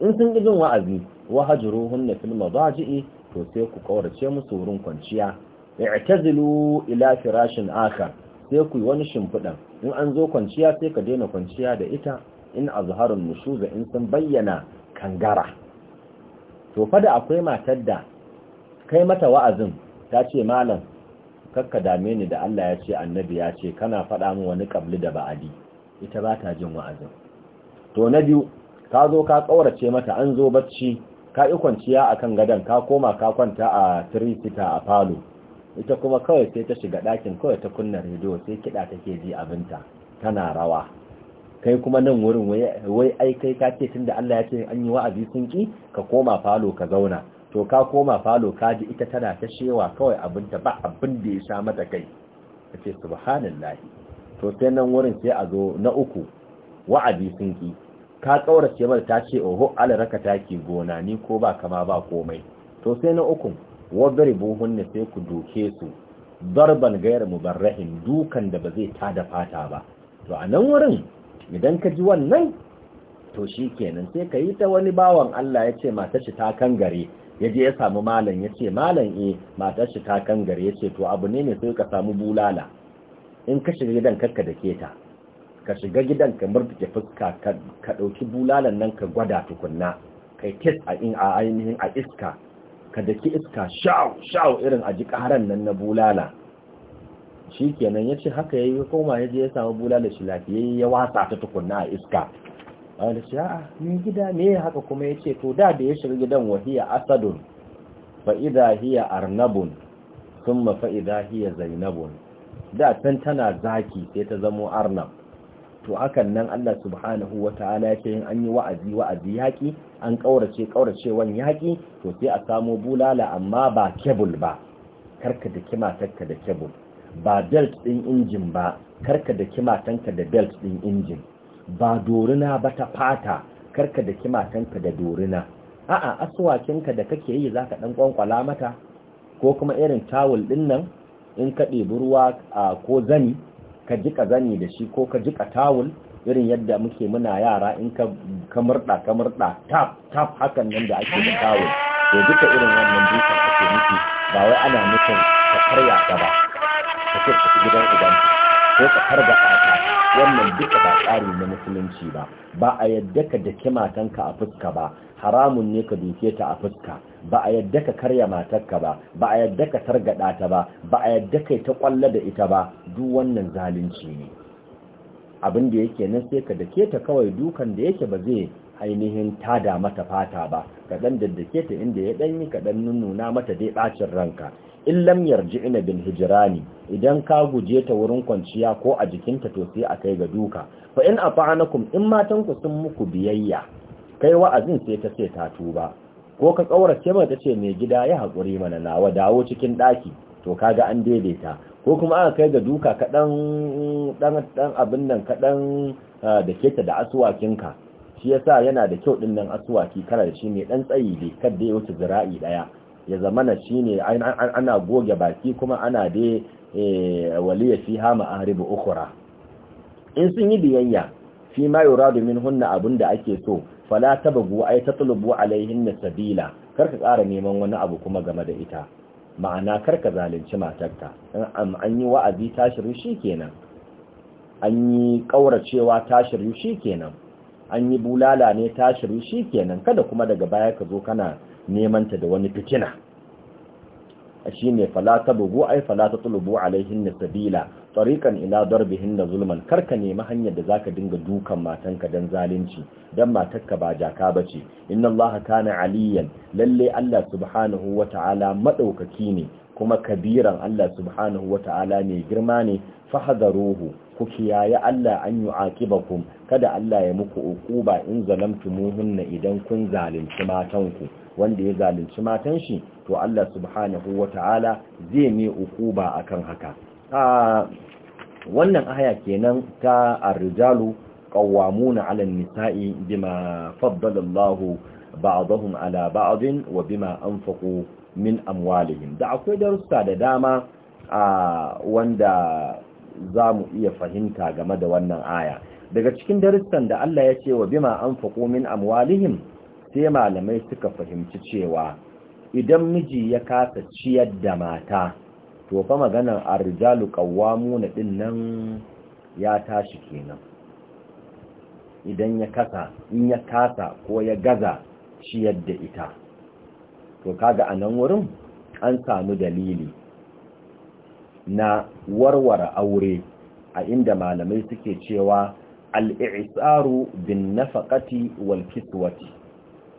A: in sun jin wa'azi wa hunna fil madaji'i to sai ku kaurace musu wurin kwanciya i'tazilu ila firashin akhar sai ku yi wani shimfidan in an zo kwanciya sai ka daina kwanciya da ita in azharun nushuza in sun bayyana kangara to fa da akwai matar da kai mata wa'azin ta ce malam kakka dame ni da Allah ya ce annabi ya ce kana faɗa min wani kabli da ba'adi ita ba ta jin wa'azin to na biyu ka zo ka tsaurace mata an zo bacci ka yi kwanciya a kan gadon ka koma ka kwanta a tirisita a falo ita kuma kawai sai ta shiga ɗakin kawai ta kunna rediyo sai kiɗa take ji abinta tana rawa kai kuma nan wurin wai ai kai ka ce tunda Allah ya ce an yi wa'azi sun ki ka koma falo ka zauna to ka koma falo ka ji ita tana ta shewa kawai abinta ba abin da ya sha mata kai kace subhanallahi to sai nan wurin sai a zo na uku wa'azi sun ki ka kaurace mata ta ce oho ala raka taki gona ni ko ba kama ba komai to sai na uku ne sai ku doke su darban gairu mubarrahin dukan da ba zai ta da fata ba to a nan wurin idan ka ji wannan to shi kenan sai ka yi ta wani bawan Allah ya ce matashi ta kan gare ya je ya samu malam ya ce malam e matar shi ta kan gare ya ce to abu ne mai sai ka samu bulala in ka shiga gidan karka da keta ka shiga gidan ka murtuke fuska ka ɗauki bulalan nan ka gwada tukunna kai kes a a ainihin a iska ka daki iska shaw shaw irin a ji ƙaran nan na bulala shi kenan ya ce haka ya yi koma ya je ya samu bulala shi lafiya ya wasa ta tukunna a iska wanda shi a ni gida ne haka kuma ya ce to da da ya shiga gidan wahiya asadun fa'ida hiya arnabun sun mafa'ida hiya zainabun da can tana zaki sai ta zamo arnab to hakan nan Allah subhanahu wa ta'ala ya ce an yi wa'azi wa'azi yaƙi an ƙaurace ƙauracewan yaƙi to sai a samo bulala amma ba kebul ba karka da kima takka da kebul ba belt ɗin injin ba karka da kimatanka da belt ɗin injin ba dorina ba ta fata karka da kimatanka da dorina a'a asuwakinka da kake yi zaka ɗan kwankwala mata ko kuma irin tawul ɗin nan in ka ɗebi ruwa ko zani ka jika zani da shi ko ka jika tawul irin yadda muke muna yara in ka murda ka murda tap tap hakan nan da ake da tawul to duka irin wannan dukan ake nufi ba wai ana mutum ka karya ka ba ka tafi gidan uban ko ka harba wannan duka ba tsari na musulunci ba ba a yadda ka dake matanka a fuska ba haramun ne ka duke ta a fuska ba a yadda ka karya matarka ba ba a yadda ka targada ta ba ba a yadda kai ta kwalla da ita ba duk wannan zalunci ne abin da yake nan sai ka dake ta kawai dukan da yake ba zai ainihin tada mata fata ba ka dan daddake ta inda ya danyi ka dan nuna mata dai bacin ranka in lam yarji'na bil hijrani idan ka guje ta wurin kwanciya ko a jikinta to sai a kai ga duka fa in afa'anakum in matan ku sun muku biyayya kai wa'azin sai ta ce ta tuba ko ka kaurace ce mai gida ya hakuri mana nawa dawo cikin daki to kaga an daidaita ko kuma aka kai ga duka kaɗan ɗan abin nan kaɗan ah, da keta da asuwakinka shi yasa yana da kyau ɗinnan nan asuwaki kana da shi mai ɗan tsayi dai kada ya wuce zira'i ɗaya ya zamana shine ana goge baki kuma ana da eh, waliya fiha ma'aribu ukura. in sun yi biyayya fi ma hunna abun da ake so fala ta bugu tabagu ay tatlubu alaihinna sabila karka tsara neman wani abu kuma game da ita ma'ana karka zalunci matarka an yi wa'azi ta shi kenan. an yi kauracewa ta shi kenan. an yi bulala ne ta shi kenan. kada kuma daga baya ka zo kana nemanta da wani fitina shi ne falata bugu ai falata tulubu alaihin na sabila tsarikan Ina hin na zulman karka nemi hanyar da zaka dinga dukan matanka don zalunci don matakka ba jaka ba ce inna allaha kana aliyan lalle allah subhanahu wa ta'ala maɗaukaki ne kuma kabiran Allah subhanahu wa ne girma ne fahadaruhu ku kiyaye Allah an yu'aqibakum kada Allah ya muku ba in muhunna idan kun zalunci matanku wanda ya zalunci matan shi to Allah subhanahu wa ta'ala zai mai a akan haka a wannan aya kenan ta ar-rijalu qawwamuna 'ala an-nisa'i bima faddala Allahu ba'dahum 'ala ba'din wa bima anfaqu min amwalihim da akwai darussa da dama a wanda zamu iya fahimta game da wannan aya daga cikin darussan da Allah ya ce wa bima anfaqu min amwalihim sai malamai suka fahimci cewa idan miji ya kasa ciyar da mata to fa maganar arjalu qawwamuna din nan ya tashi kenan idan ya kasa in ya kasa ko ya gaza ciyar da ita to kaga a nan wurin an samu dalili na warware aure a inda malamai suke cewa ali'isaru bin nafaqati wal kiswati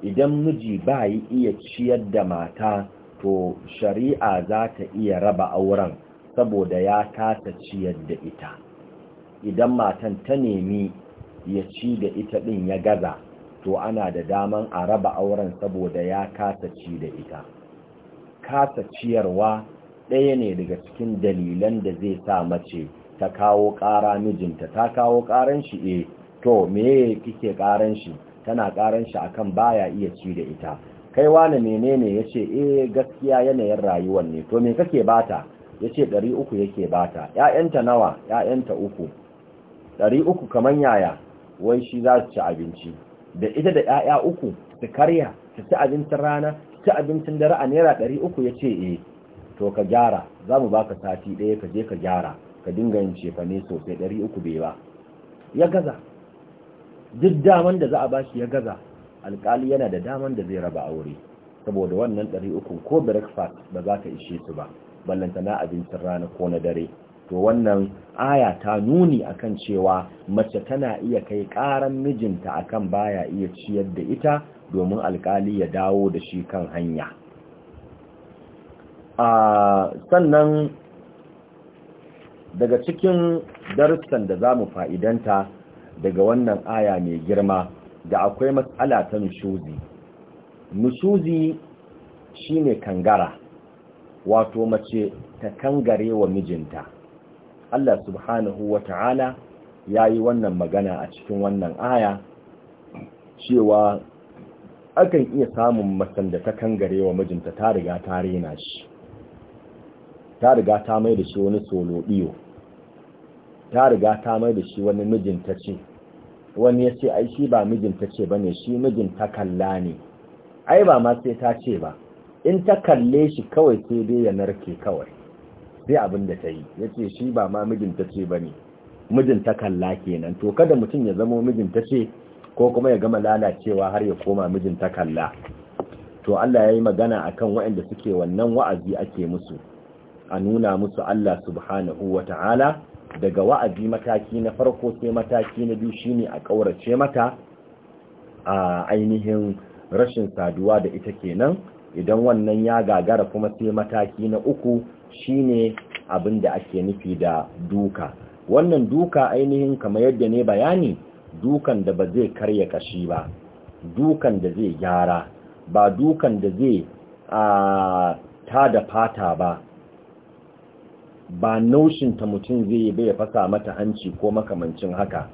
A: idan miji ba iya ciyar da mata to shari'a za ta iya raba auren saboda ya kasa ciyar da ita idan matan ta nemi ya ci da ita din ya gaza to ana da daman a raba auren saboda ya kasa ci da ita kasa ciyarwa ɗaya ne daga cikin dalilan da zai sa mace ta kawo ƙara mijinta ta kawo ƙaran shi E, to ya kike ƙaran shi tana ƙaran shi akan baya iya ci da ita kai wani menene ya ce e gaskiya yanayin rayuwar ne to me kake bata Ya ce ɗari uku yake bata Ya'yanta nawa Ya'yanta uku ɗari uku kamar yaya wai shi za su ci abinci da ita da 'ya'ya uku su karya su ci abincin rana ci abincin dare a naira ɗari uku ya ce eh to ka gyara za mu baka sati ɗaya ka je ka gyara ka dinga yin cefane sosai ɗari uku bai ba ya gaza duk daman da za a bashi ya gaza alƙali yana da daman da zai raba aure saboda wannan ɗari uku ko breakfast ba za ka ishe su ba ballantana abincin rana ko na dare to wannan aya ta nuni akan cewa mace tana iya kai karan mijinta akan baya iya ciyar da ita domin alkali ya dawo da shi kan hanya a sannan daga cikin darussan da za mu fa'idanta daga wannan aya mai girma da akwai matsala ta nushuzi nushuzi shine kangara wato mace ta kangare wa mijinta Allah subhanahu wa ta'ala ya yi wannan magana a cikin wannan aya cewa akan iya samun matan da ta kangare wa mijinta ta riga ta rena shi ta riga ta mai da shi wani solo iyo ta riga ta mai da shi wani mijinta ce wani ya ce ai ba mijinta ce ba ne shi mijinta kalla ne ai ba ma sai ta ce ba in ta kalle shi kawai sai dai ya narke kawai sai abin da ta yi ya ce shi ba ma mijinta ce ba ne mijinta kalla kenan to kada mutum ya zamo mijinta ce ko kuma ya gama lalacewa har ya koma mijinta kalla to Allah ya yi magana a kan waɗanda suke wannan wa'azi ake musu a nuna musu Allah subhanahu wa ta'ala daga wa'azi mataki na farko sai mataki na biyu shine a ƙaurace mata a ainihin rashin saduwa da ita kenan idan wannan ya gagara kuma sai mataki na uku shine abin da ake nufi da duka wannan duka ainihin kamar yadda ne bayani dukan da ba zai karya kashi ba dukan da zai gyara ba dukan da zai ta da fata ba ba naushinta mutum zai bai fasa mata hanci ko makamancin haka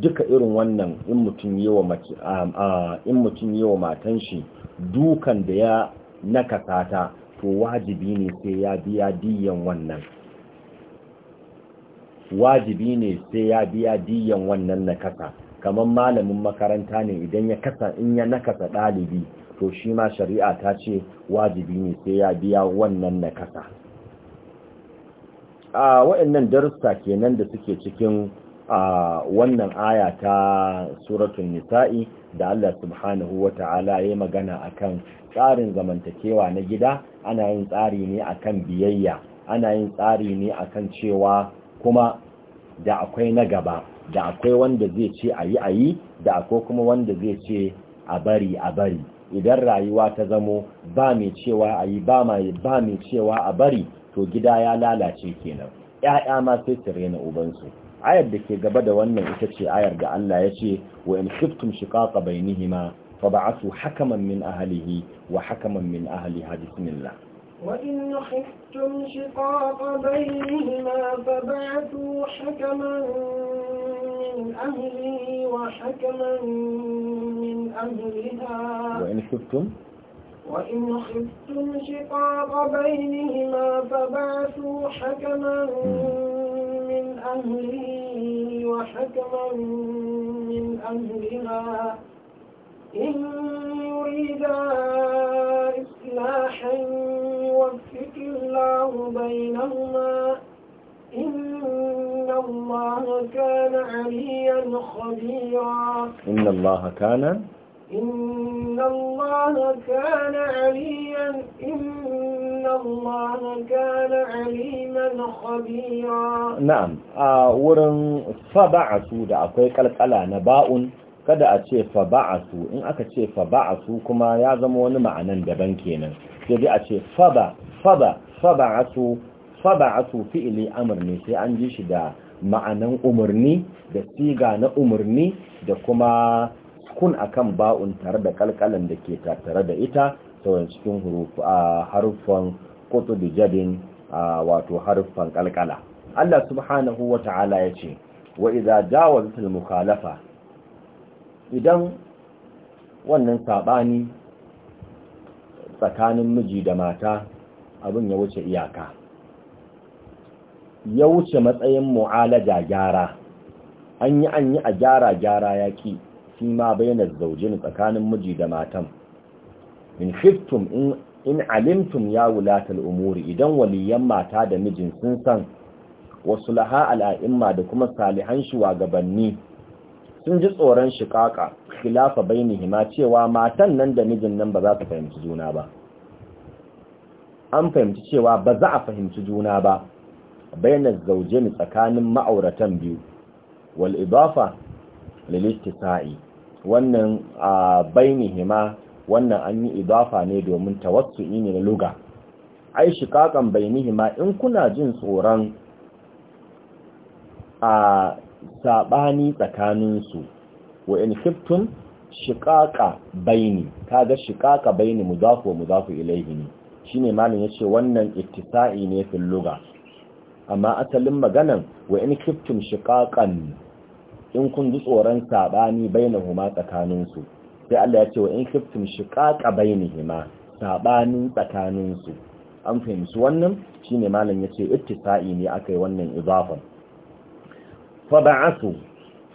A: duka irin wannan in mutum yi wa matan shi dukan da ya nakasata to wajibi ne sai ya biya diyan wannan wajibi ne sai ya biya diyan wannan nakasa kamar malamin makaranta ne idan ya kasa in ya nakasa ɗalibi to shi ma shari'a ta ce wajibi ne sai ya biya wannan na kasa. a waɗannan darussa kenan da suke cikin a wannan aya ta suratun nisa'i da Allah subhanahu ta'ala ya magana akan tsarin zamantakewa na gida ana yin tsari ne akan biyayya ana yin tsari ne akan cewa kuma da akwai na gaba da akwai wanda zai ce ayi ayi da akwai kuma wanda zai ce a bari a bari idan rayuwa ta zamo ba mai cewa ayi ba mai ba mai cewa a bari to gida ya lalace kenan ƴaƴa ma sai su rena ubansu ayar da ke gaba da wannan ita ce ayar da Allah ya ce wa in khiftum shiqaqa bainihima fa ba'athu hakaman min ahlihi wa hakaman min ahliha bismillah
B: وإن خفتم شقاق بينهما فبعثوا حكما من أهله وحكما من أهلها وإن خفتم وإن خفتم شقاق بينهما فبعثوا حكما أهلي وحكما من أهلها إن يريدا إصلاحا يوفق الله بينهما إن الله كان عليا خبيرا
A: إن الله كان
B: إن الله كان عليا إن الله كان عليما خبيرا
A: نعم ورن فبعثوا da akwai ƙalƙala na ba'un kada a ce faba'asu in aka ce faba'asu kuma ya zama wani ma'anan daban kenan sai dai a ce faba faba faba'asu faba'asu fi'ili amr ne sai an ji shi da ma'anan umarni da siga na umarni da kuma kun akan ba'un tare da kalkalan da ke tattare da ita sauran cikin hurufu a harfan kutubi jadin wato harfan kalkala Allah subhanahu wa ta'ala ya ce wa idza jawazat mukhalafa idan wannan sabani tsakanin miji da mata abin ya wuce iyaka ya wuce matsayin mu'alaja gyara an yi an yi a gyara gyara yaki ma bayna zaujin tsakanin miji da matan in shiftum in alimtum ya wulatal umuri idan waliyan mata da mijin sun san wasu laha al'a'imma da kuma salihan shugabanni sun ji tsoron shiƙaƙa ni hima cewa matan nan da mijin nan ba za su fahimci juna ba an fahimci cewa ba za a fahimci juna ba bainar zaujen tsakanin ma'auratan biyu wal ibafa wannan a hima wannan an yi idafa ne domin tawassu ne na luga ai baini hima in kuna jin tsoron a sabani tsakanin su wa in khiftum shikaka baini kaga shikaka baini mudafu wa mudafu ilayhi ne shine malam yace wannan ittisa'i ne fil luga. amma asalin maganan wa in khiftum shikakan in kun ji tsoron saɓani na huma tsakaninsu sai Allah ya ce wa in bai shiqaqa hima saɓanin tsakaninsu an fahimci wannan Shi shine malam yace ittisa'i ne yi wannan izafin faba'asu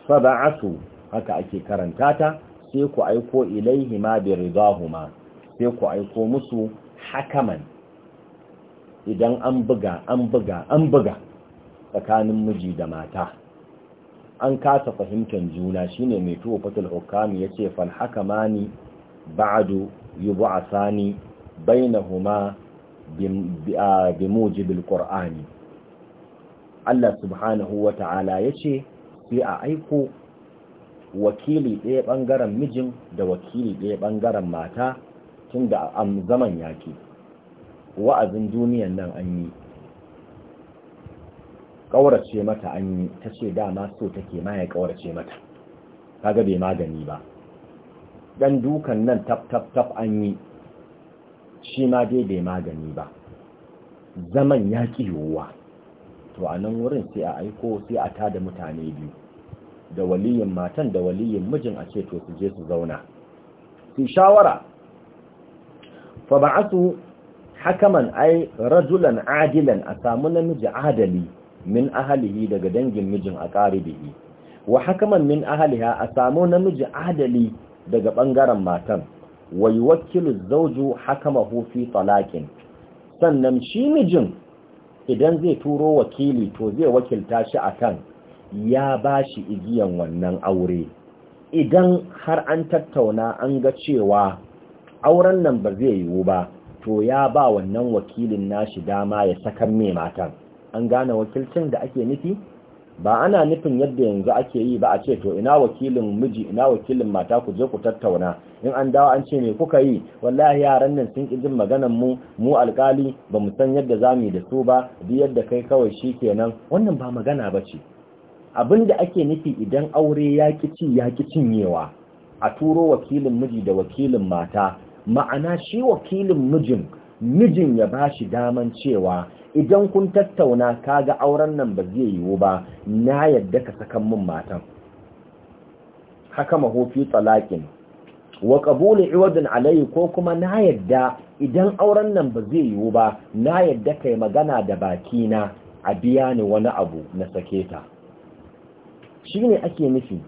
A: faba'asu haka ake karanta ta sai ku aiko ilaihima bi ridahuma sai ku aiko musu hakaman idan an buga an buga an buga tsakanin miji da mata an kasa fahimtar juna shine mai tuwa fatul hukami yace fal sani? Bai ni bainahuma bi mujibil Allah subhanahu wa ta'ala ce sai a aiko wakili ɗaya ɓangaren mijin da wakili ɗaya ɓangaren mata tun da zaman yaƙi wa'azin duniyan nan an yi ƙaurace mata an yi ta ce dama so take ma ya ƙaurace mata kaga bai magani ba dan dukan nan tap tap tap an yi shi ma dai bai magani ba zaman ya to a nan wurin sai a aiko sai a tada mutane biyu da waliyin matan da waliyin mijin a ce to su je su zauna su shawara fa ba'atu hakaman ai rajulan adilan a samu namiji adali min ahalihi daga dangin mijin a ƙaribihi wa hakaman min ahaliha a samu namiji adali daga ɓangaren matan wai yi wakilu zauju hakamahu fi talakin sannan shi mijin idan zai turo wakili to zai wakilta shi akan, ya ba shi igiyan wannan aure idan har an tattauna an ga cewa auren nan ba zai yiwu ba to ya ba wannan wakilin nashi dama ya sakan mai matan an gane wakilcin da ake nufi ba ana nufin yadda yanzu ake yi ba a ce to ina wakilin miji ina wakilin mata ku je ku tattauna in an dawo an ce me kuka yi wallahi yaran nan sun kijin maganan mu mu alkali ba mu san yadda za mu da su ba Bi yadda kai kawai shi kenan wannan ba magana ba ce abin da ake nufi idan aure ya kici ya cinyewa a turo wakilin miji da wakilin mata ma'ana shi wakilin mijin mijin ya ba shi daman cewa idan kun tattauna ka ga auren nan ba zai yiwu ba na yadda ka sakan min matan haka mahofi talakin wa qabulu iwadin alayhi ko kuma na yadda idan auren nan ba zai yiwu ba na yadda kai magana da baki na a biya ni wani abu na sake ta Shi ne ake nufi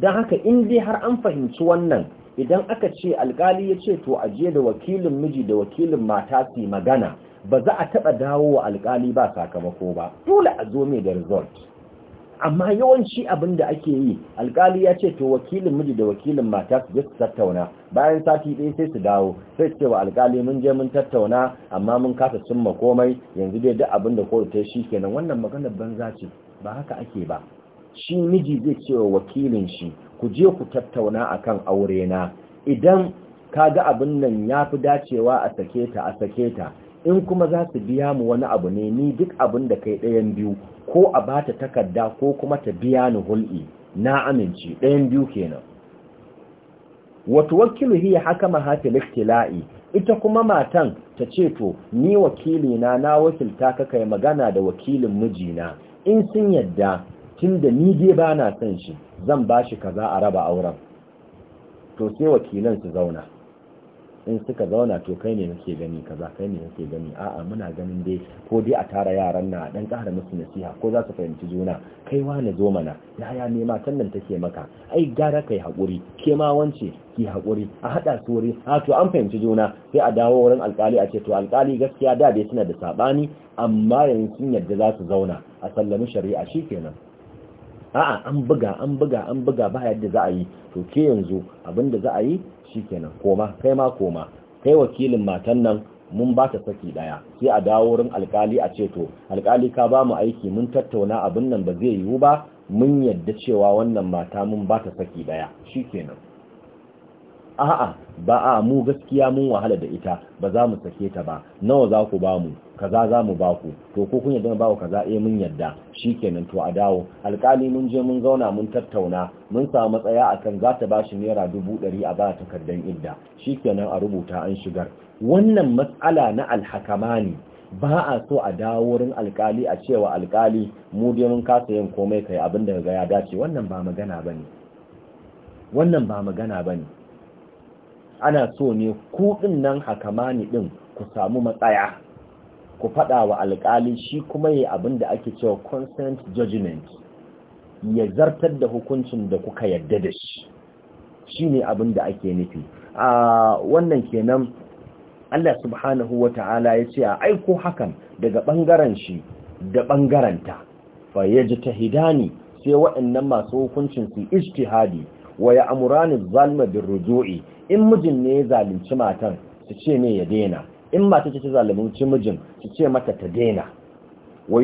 A: don haka in dai har an fahimci wannan idan aka ce alkali ya ce to ajiye da wakilin miji da wakilin mata su magana ba za a taɓa dawo wa alkali ba sakamako ba dole a zo mai da result amma yawanci abin da ake yi alkali ya ce to wakilin miji da wakilin mata su je su tattauna bayan sati ɗaya sai su dawo sai ce wa alkali mun je mun tattauna amma mun kasa cimma komai yanzu dai duk abin da kotu ta shi kenan wannan maganar banza ce ba haka ake ba shi miji zai ce wa wakilin shi ku je ku tattauna akan aure na idan kaga abin nan yafi dacewa a sake ta a sake ta in kuma za su biya mu wani abu ne ni duk abin da kai ɗayan biyu ko a ba ta takarda ko kuma ta biya ni hul'i na amince ɗayan biyu kenan wato wakilu hiya haka mahatil ikhtila'i ita kuma matan ta ce to ni wakilina na wakilta ka kai magana da wakilin mijina in sun yadda tun da ni dai ba na son shi zan ba shi kaza a raba auren to sai wakilan su zauna in suka zauna to kai ne nake gani kaza kai ne nake gani a'a muna ganin dai ko dai a tara yaran na dan ƙara musu nasiha ko za su fahimci juna kai wa na zo mana yaya ne ma tan nan take maka ai gara kai hakuri ke ma wance ki hakuri a haɗa su wuri a to an fahimci juna sai a dawo wurin alƙali a ce to alƙali gaskiya da bai suna da saɓani amma yanzu sun yarda za su zauna a sallami shari'a shi kenan. a'a an buga an buga an buga ba yadda za a yi to ke yanzu abinda za a yi shikenan koma kai ma koma kai wakilin matan nan mun ba ta saki daya sai a dawo wurin alkali a ce to alkali ka ba mu aiki mun tattauna abin nan ba zai yiwu ba mun yadda cewa wannan mata mun ba ta saki daya shikenan a'a ba a mu gaskiya mun wahala da ita ba za mu sake ta ba nawa za ku ba mu kaza za mu ba ku to ko kun yadda ba ku kaza eh mun yadda shikenan to a dawo alkali mun je mun zauna mun tattauna mun samu matsaya akan za ta bashi naira dubu ɗari a ba takardar idda shikenan a rubuta an shigar wannan matsala na alhakamani ba a so a dawo wurin alkali a cewa alkali mu dai mun kasa yin komai kai abin da ga ya dace wannan ba magana bane wannan ba magana bane ana so ne ku ɗin nan hakamani ɗin ku samu matsaya ku faɗa wa alƙali shi kuma yi abin da ake cewa consent judgment ya zartar da hukuncin da kuka yadda da shi shi ne abin da ake nufi a wannan kenan Allah subhanahu wa ta'ala ya ce a aiko hakan daga ɓangaren shi da ɓangarenta fa ya ji ta hidani sai waɗannan masu hukuncin su ijtihadi wa ya amurani zalma bin rujo'i in mijin ne ya zalunci matan su ce ne ya daina in mata ce ta zalunci mijin su ce mata ta daina wa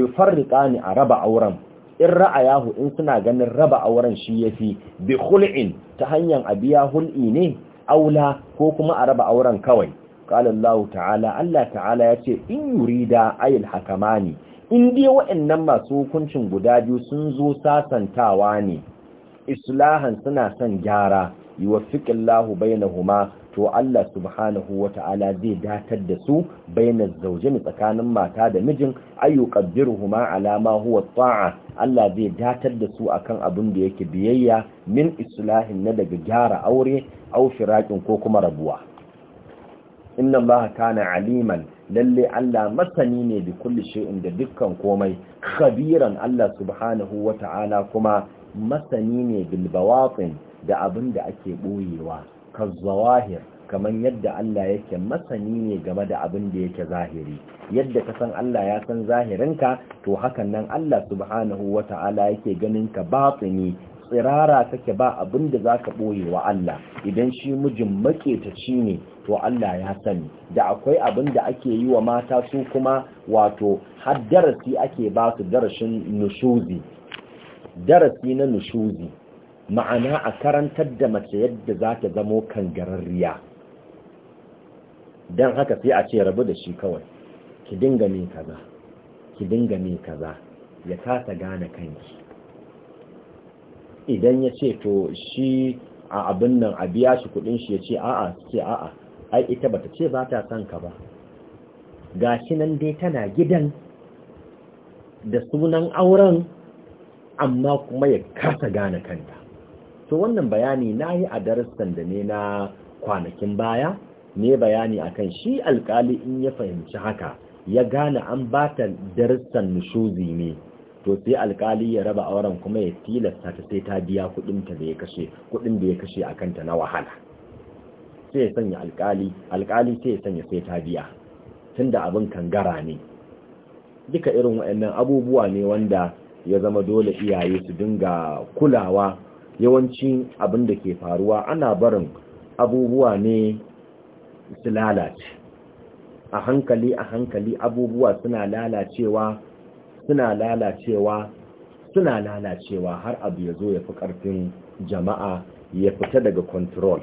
A: ni a raba auren in ra'ayahu in suna ganin raba auren shi ya fi bi hul'in ta hanyar abiya hul'i ne aula ko kuma a raba auren kawai ƙalallahu ta'ala Allah ta'ala ya ce in yurida ayil ne. in dai waɗannan masu hukuncin guda biyu sun zo sasantawa ne islahan suna son gyara bayyana huma. to Allah subhanahu ta'ala zai datar da su zauje mai tsakanin mata da mijin biru huma alama huwa tsa’a Allah zai datar da su akan abin da yake biyayya min islahin na daga gyara aure aw firakin ko kuma rabuwa inna allaha kana aliman lalle Allah masani ne bi kulli shay'in da dukkan komai khabiran Allah subhanahu ta'ala kuma masani ne bilbawafin da abin da ake ɓoyewa kazzawahir kamar yadda Allah yake masani ne game da abin da yake zahiri yadda ka san Allah ya san zahirinka to hakan nan Allah subhanahu wata'ala yake ganin ka batini tsirara take ba abin da zaka boye wa Allah idan shi mijin maƙetaci ne to Allah ya sani da akwai abin da ake yi wa mata su kuma wato har darasi ake ba su darashin nushuzi darasi na nushuzi ma'ana a karantar da mace yadda za ta zamo kangararriya don haka sai a ce rabu da shi kawai ki dinga min kaza ki dinga kaza ya kasa gane kanki idan ya ce to shi a abin nan a biya shi kudin shi ya ce a'a ce a'a ai ita bata ce ba ta son ka ba gashi nan dai tana gidan da sunan auren amma kuma ya kasa gane kanta to wannan bayani na yi a darastan da ne na kwanakin baya ne bayani akan shi alkali in ya fahimci haka ya gane an bata darasan nishozi ne to sai alkali ya raba auren kuma ya tilasta ta sai ta biya kudin da ya kashe kudin da ya kashe a kanta na wahala sai ya sanya alkali alkali sai ya sanya sai ta biya tunda abin kangara ne duka irin waɗannan abubuwa ne wanda ya zama dole iyaye su dinga kulawa yawancin abin da ke faruwa ana barin abubuwa ne su lalace a hankali a hankali abubuwa suna lalacewa suna lalacewa suna lalacewa har abu ya zo ya fi ƙarfin jama'a ya fita daga control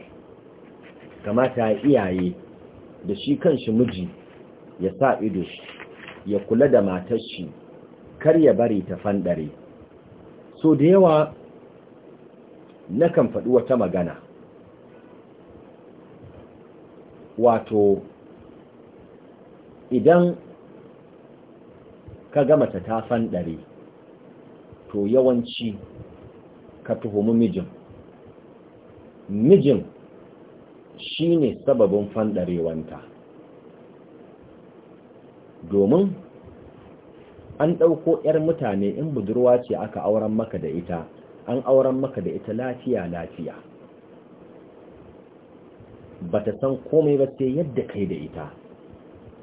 A: kamata iyaye da shi kan shi miji ya sa ido ya kula da matar shi kar ya bari ta fanɗare, so da yawa na kan faɗi wata magana wato idan ka gama ta ta fandare to yawanci ka tuhumi mijin mijin shi ne sababin fanɗarewanta domin an ɗauko 'yar mutane in budurwa ce aka auren maka da ita an auren maka da ita lafiya lafiya ba ta san komai ba sai yadda kai da ita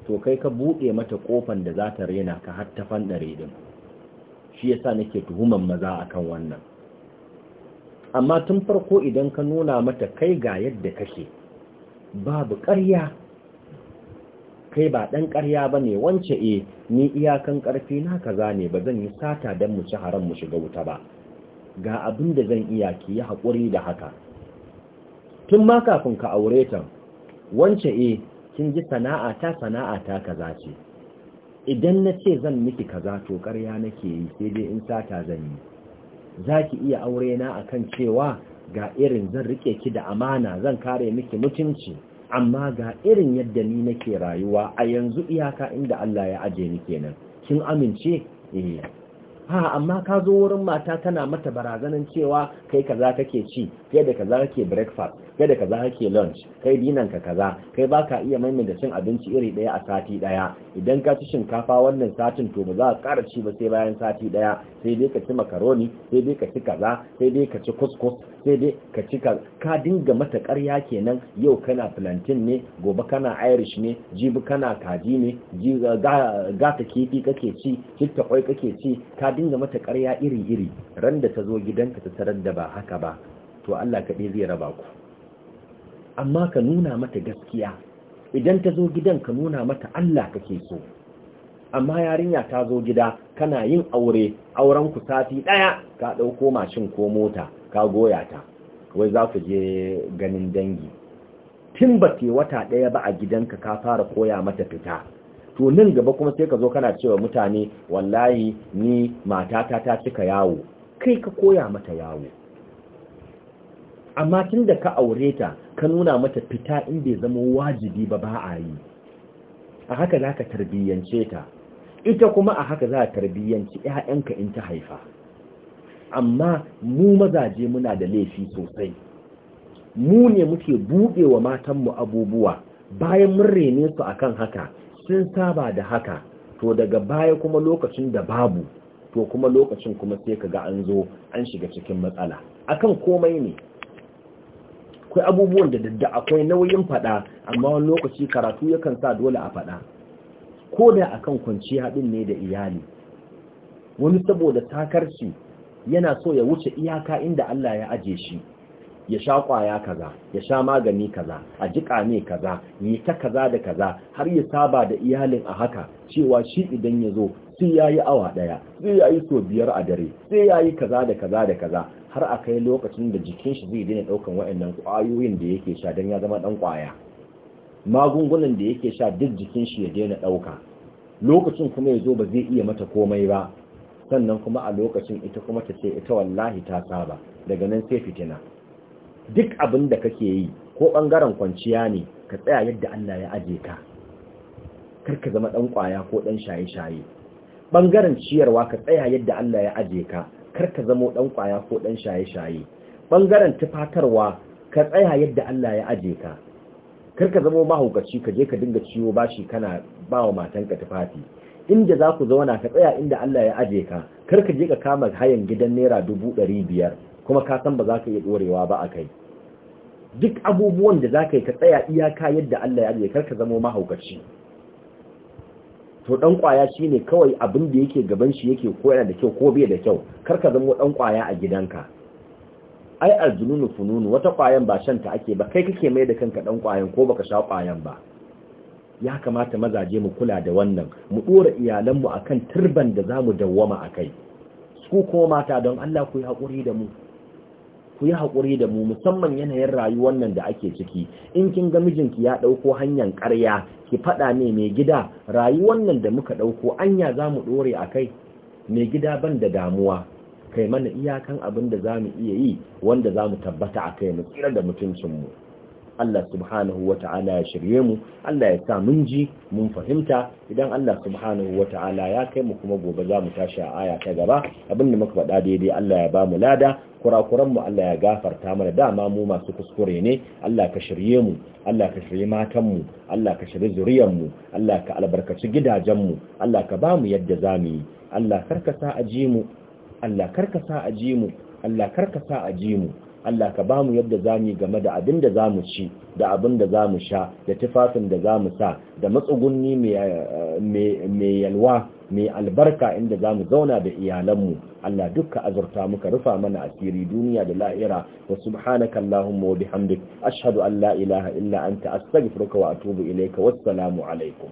A: to kai ka buɗe mata ƙofan da za ta rena ka hattafan ta ɗin, shi ya sa nake tuhuman maza akan wannan amma tun farko idan ka nuna mata kai ga yadda kake babu ƙarya kai ba ɗan ƙarya ba ne wance e ni iyakan ƙarfi na kaza ne ba zan yi sata don mu ci haram mu shiga wuta ba ga abin da zan iya ki yi haƙuri da haka tun ma kafin ka aure ta wance e kin ji sana'a ta sana'a ta kaza ce idan na ce zan miki kaza to ƙarya nake yi sai dai in sata zan yi za ki iya aure na akan cewa ga irin zan rike ki da amana zan kare miki mutunci amma ga irin yadda ni nake rayuwa a yanzu iyaka inda Allah ya ajiye ni kenan kin amince eh ha amma ka zo wurin mata tana mata barazanan cewa kai kaza kake ci kai da kaza kake breakfast kai da kaza kake lunch kai dinan ka kaza kai baka iya maimaita cin abinci iri daya a sati daya idan ka ci shinkafa wannan satin to ba za ka ƙara ci ba sai bayan sati daya sai dai ka ci makaroni sai dai ka ci kaza sai dai ka ci couscous sai dai ka ci ka ka dinga mata ƙarya kenan yau kana plantain ne gobe kana irish ne jibi kana kaji ne ga ta kifi kake ci hitta kwai kake ci ka dinga mata ƙarya iri-iri ran da ta zo gidanka ta tarar da ba haka ba to Allah kaɗai zai raba ku amma ka nuna mata gaskiya idan ta zo gidan ka nuna mata Allah kake so amma yarinya ta zo gida kana yin aure auren ku sati ɗaya ka ɗauko mashin ko mota ka goya ta wai za ku je ganin dangi tun ba ke wata ɗaya ba a gidanka ka fara koya mata fita to nan gaba kuma sai ka zo kana cewa mutane wallahi ni matata ta cika yawo kai ka koya mata yawo amma tun da ka aure ta ka nuna mata fita in bai zama wajibi ba ba a yi a haka za ka tarbiyyance ta ita kuma a haka za a tarbiyyance 'ya'yanka in ta haifa amma mu mazaje muna da laifi sosai mu ne muke buɗe wa matanmu abubuwa bayan mun rene su akan haka sun saba da haka to daga baya kuma lokacin da babu to kuma lokacin kuma sai ka ga an zo an shiga cikin matsala akan komai ne akwai abubuwan da dadda akwai nauyin faɗa amma wani lokaci karatu yakan sa dole a faɗa ko da akan kwanci haɗin ne da iyali wani saboda takarci yana so ya wuce iyaka inda Allah ya aje shi ya sha kwaya kaza ya sha magani kaza a jika ne kaza yi ta kaza da kaza har ya saba da iyalin a haka cewa shi idan ya zo sai ya yi awa ɗaya, sai ya yi sau biyar a dare sai ya yi kaza da kaza da kaza har a kai lokacin da jikin shi zai daina ɗaukan waɗannan kwayoyin da yake sha don ya zama ɗan kwaya magungunan da yake sha duk jikin shi ya daina ɗauka. lokacin kuma ya zo ba zai iya mata komai ba sannan kuma a lokacin ita kuma ta ce ita wallahi ta saba daga nan sai fitina duk abin da kake yi ko bangaren kwanciya ne ka tsaya yadda Allah ya aje ka karka zama dan kwaya ko dan shaye-shaye bangaren ciyarwa ka tsaya yadda Allah ya aje ka karka zama dan kwaya ko dan shaye-shaye bangaren tufatarwa ka tsaya yadda Allah ya aje ka karka zama mahaukaci ka je ka dinga ciwo bashi kana ba bawa matanka tufafi inda za ku zauna ka tsaya inda Allah ya aje ka kar ka je ka kama hayan gidan naira dubu ɗari biyar kuma ka san ba za ka iya ɗorewa ba a kai duk abubuwan da za ka yi ka tsaya iyaka yadda Allah ya ajiye karka zama mahaukaci to dan kwaya shine kawai abin da yake gaban shi yake ko yana da kyau ko bai da kyau karka zama ɗan kwaya a gidanka ai aljununu fununu wata kwayan ba shan ta ake ba kai kake mai da kanka dan kwayan ko baka sha kwayan ba ya kamata mazaje mu kula da wannan mu dora iyalanmu akan turban da zamu dawwama akai su kuma mata don Allah ku yi hakuri da mu ku yi haƙuri da mu musamman yanayin rayuwar nan da ake ciki in kin ga mijinki ya ɗauko hanyar ƙarya ki faɗa ne mai gida rayuwar nan da muka ɗauko anya za mu ɗore a kai mai gida ban da damuwa kai mana iyakan abin da za mu iya yi wanda za mu tabbata a kai mu tsira da mutuncinmu Allah subhanahu wata'ala ya shirye mu Allah ya sa mun ji mun fahimta idan Allah subhanahu ta'ala ya kai mu kuma gobe za mu tashi a aya ta gaba abinda muka faɗa daidai Allah ya ba mu lada kurakuran mu Allah ya gafarta mana dama mu masu kuskure ne Allah ka shirye mu Allah ka shirye matan mu Allah ka shirye zuriyar mu Allah ka albarkaci gidajen mu Allah ka ba mu yadda zamu yi Allah karka sa a ji mu Allah karka sa a ji mu Allah karka sa a ji mu Allah ka bamu yadda zamu game da abin da zamu ci da abin da zamu sha da tufafin da zamu sa da matsugunni mai yalwa mai albarka inda za mu zauna da iyalanmu Allah dukka azurta muka rufa mana asiri duniya da la'ira wa subhanaka allahumma wa bihamdik ashhadu an la ilaha illa anta astaghfiruka wa atubu ilayka wassalamu alaikum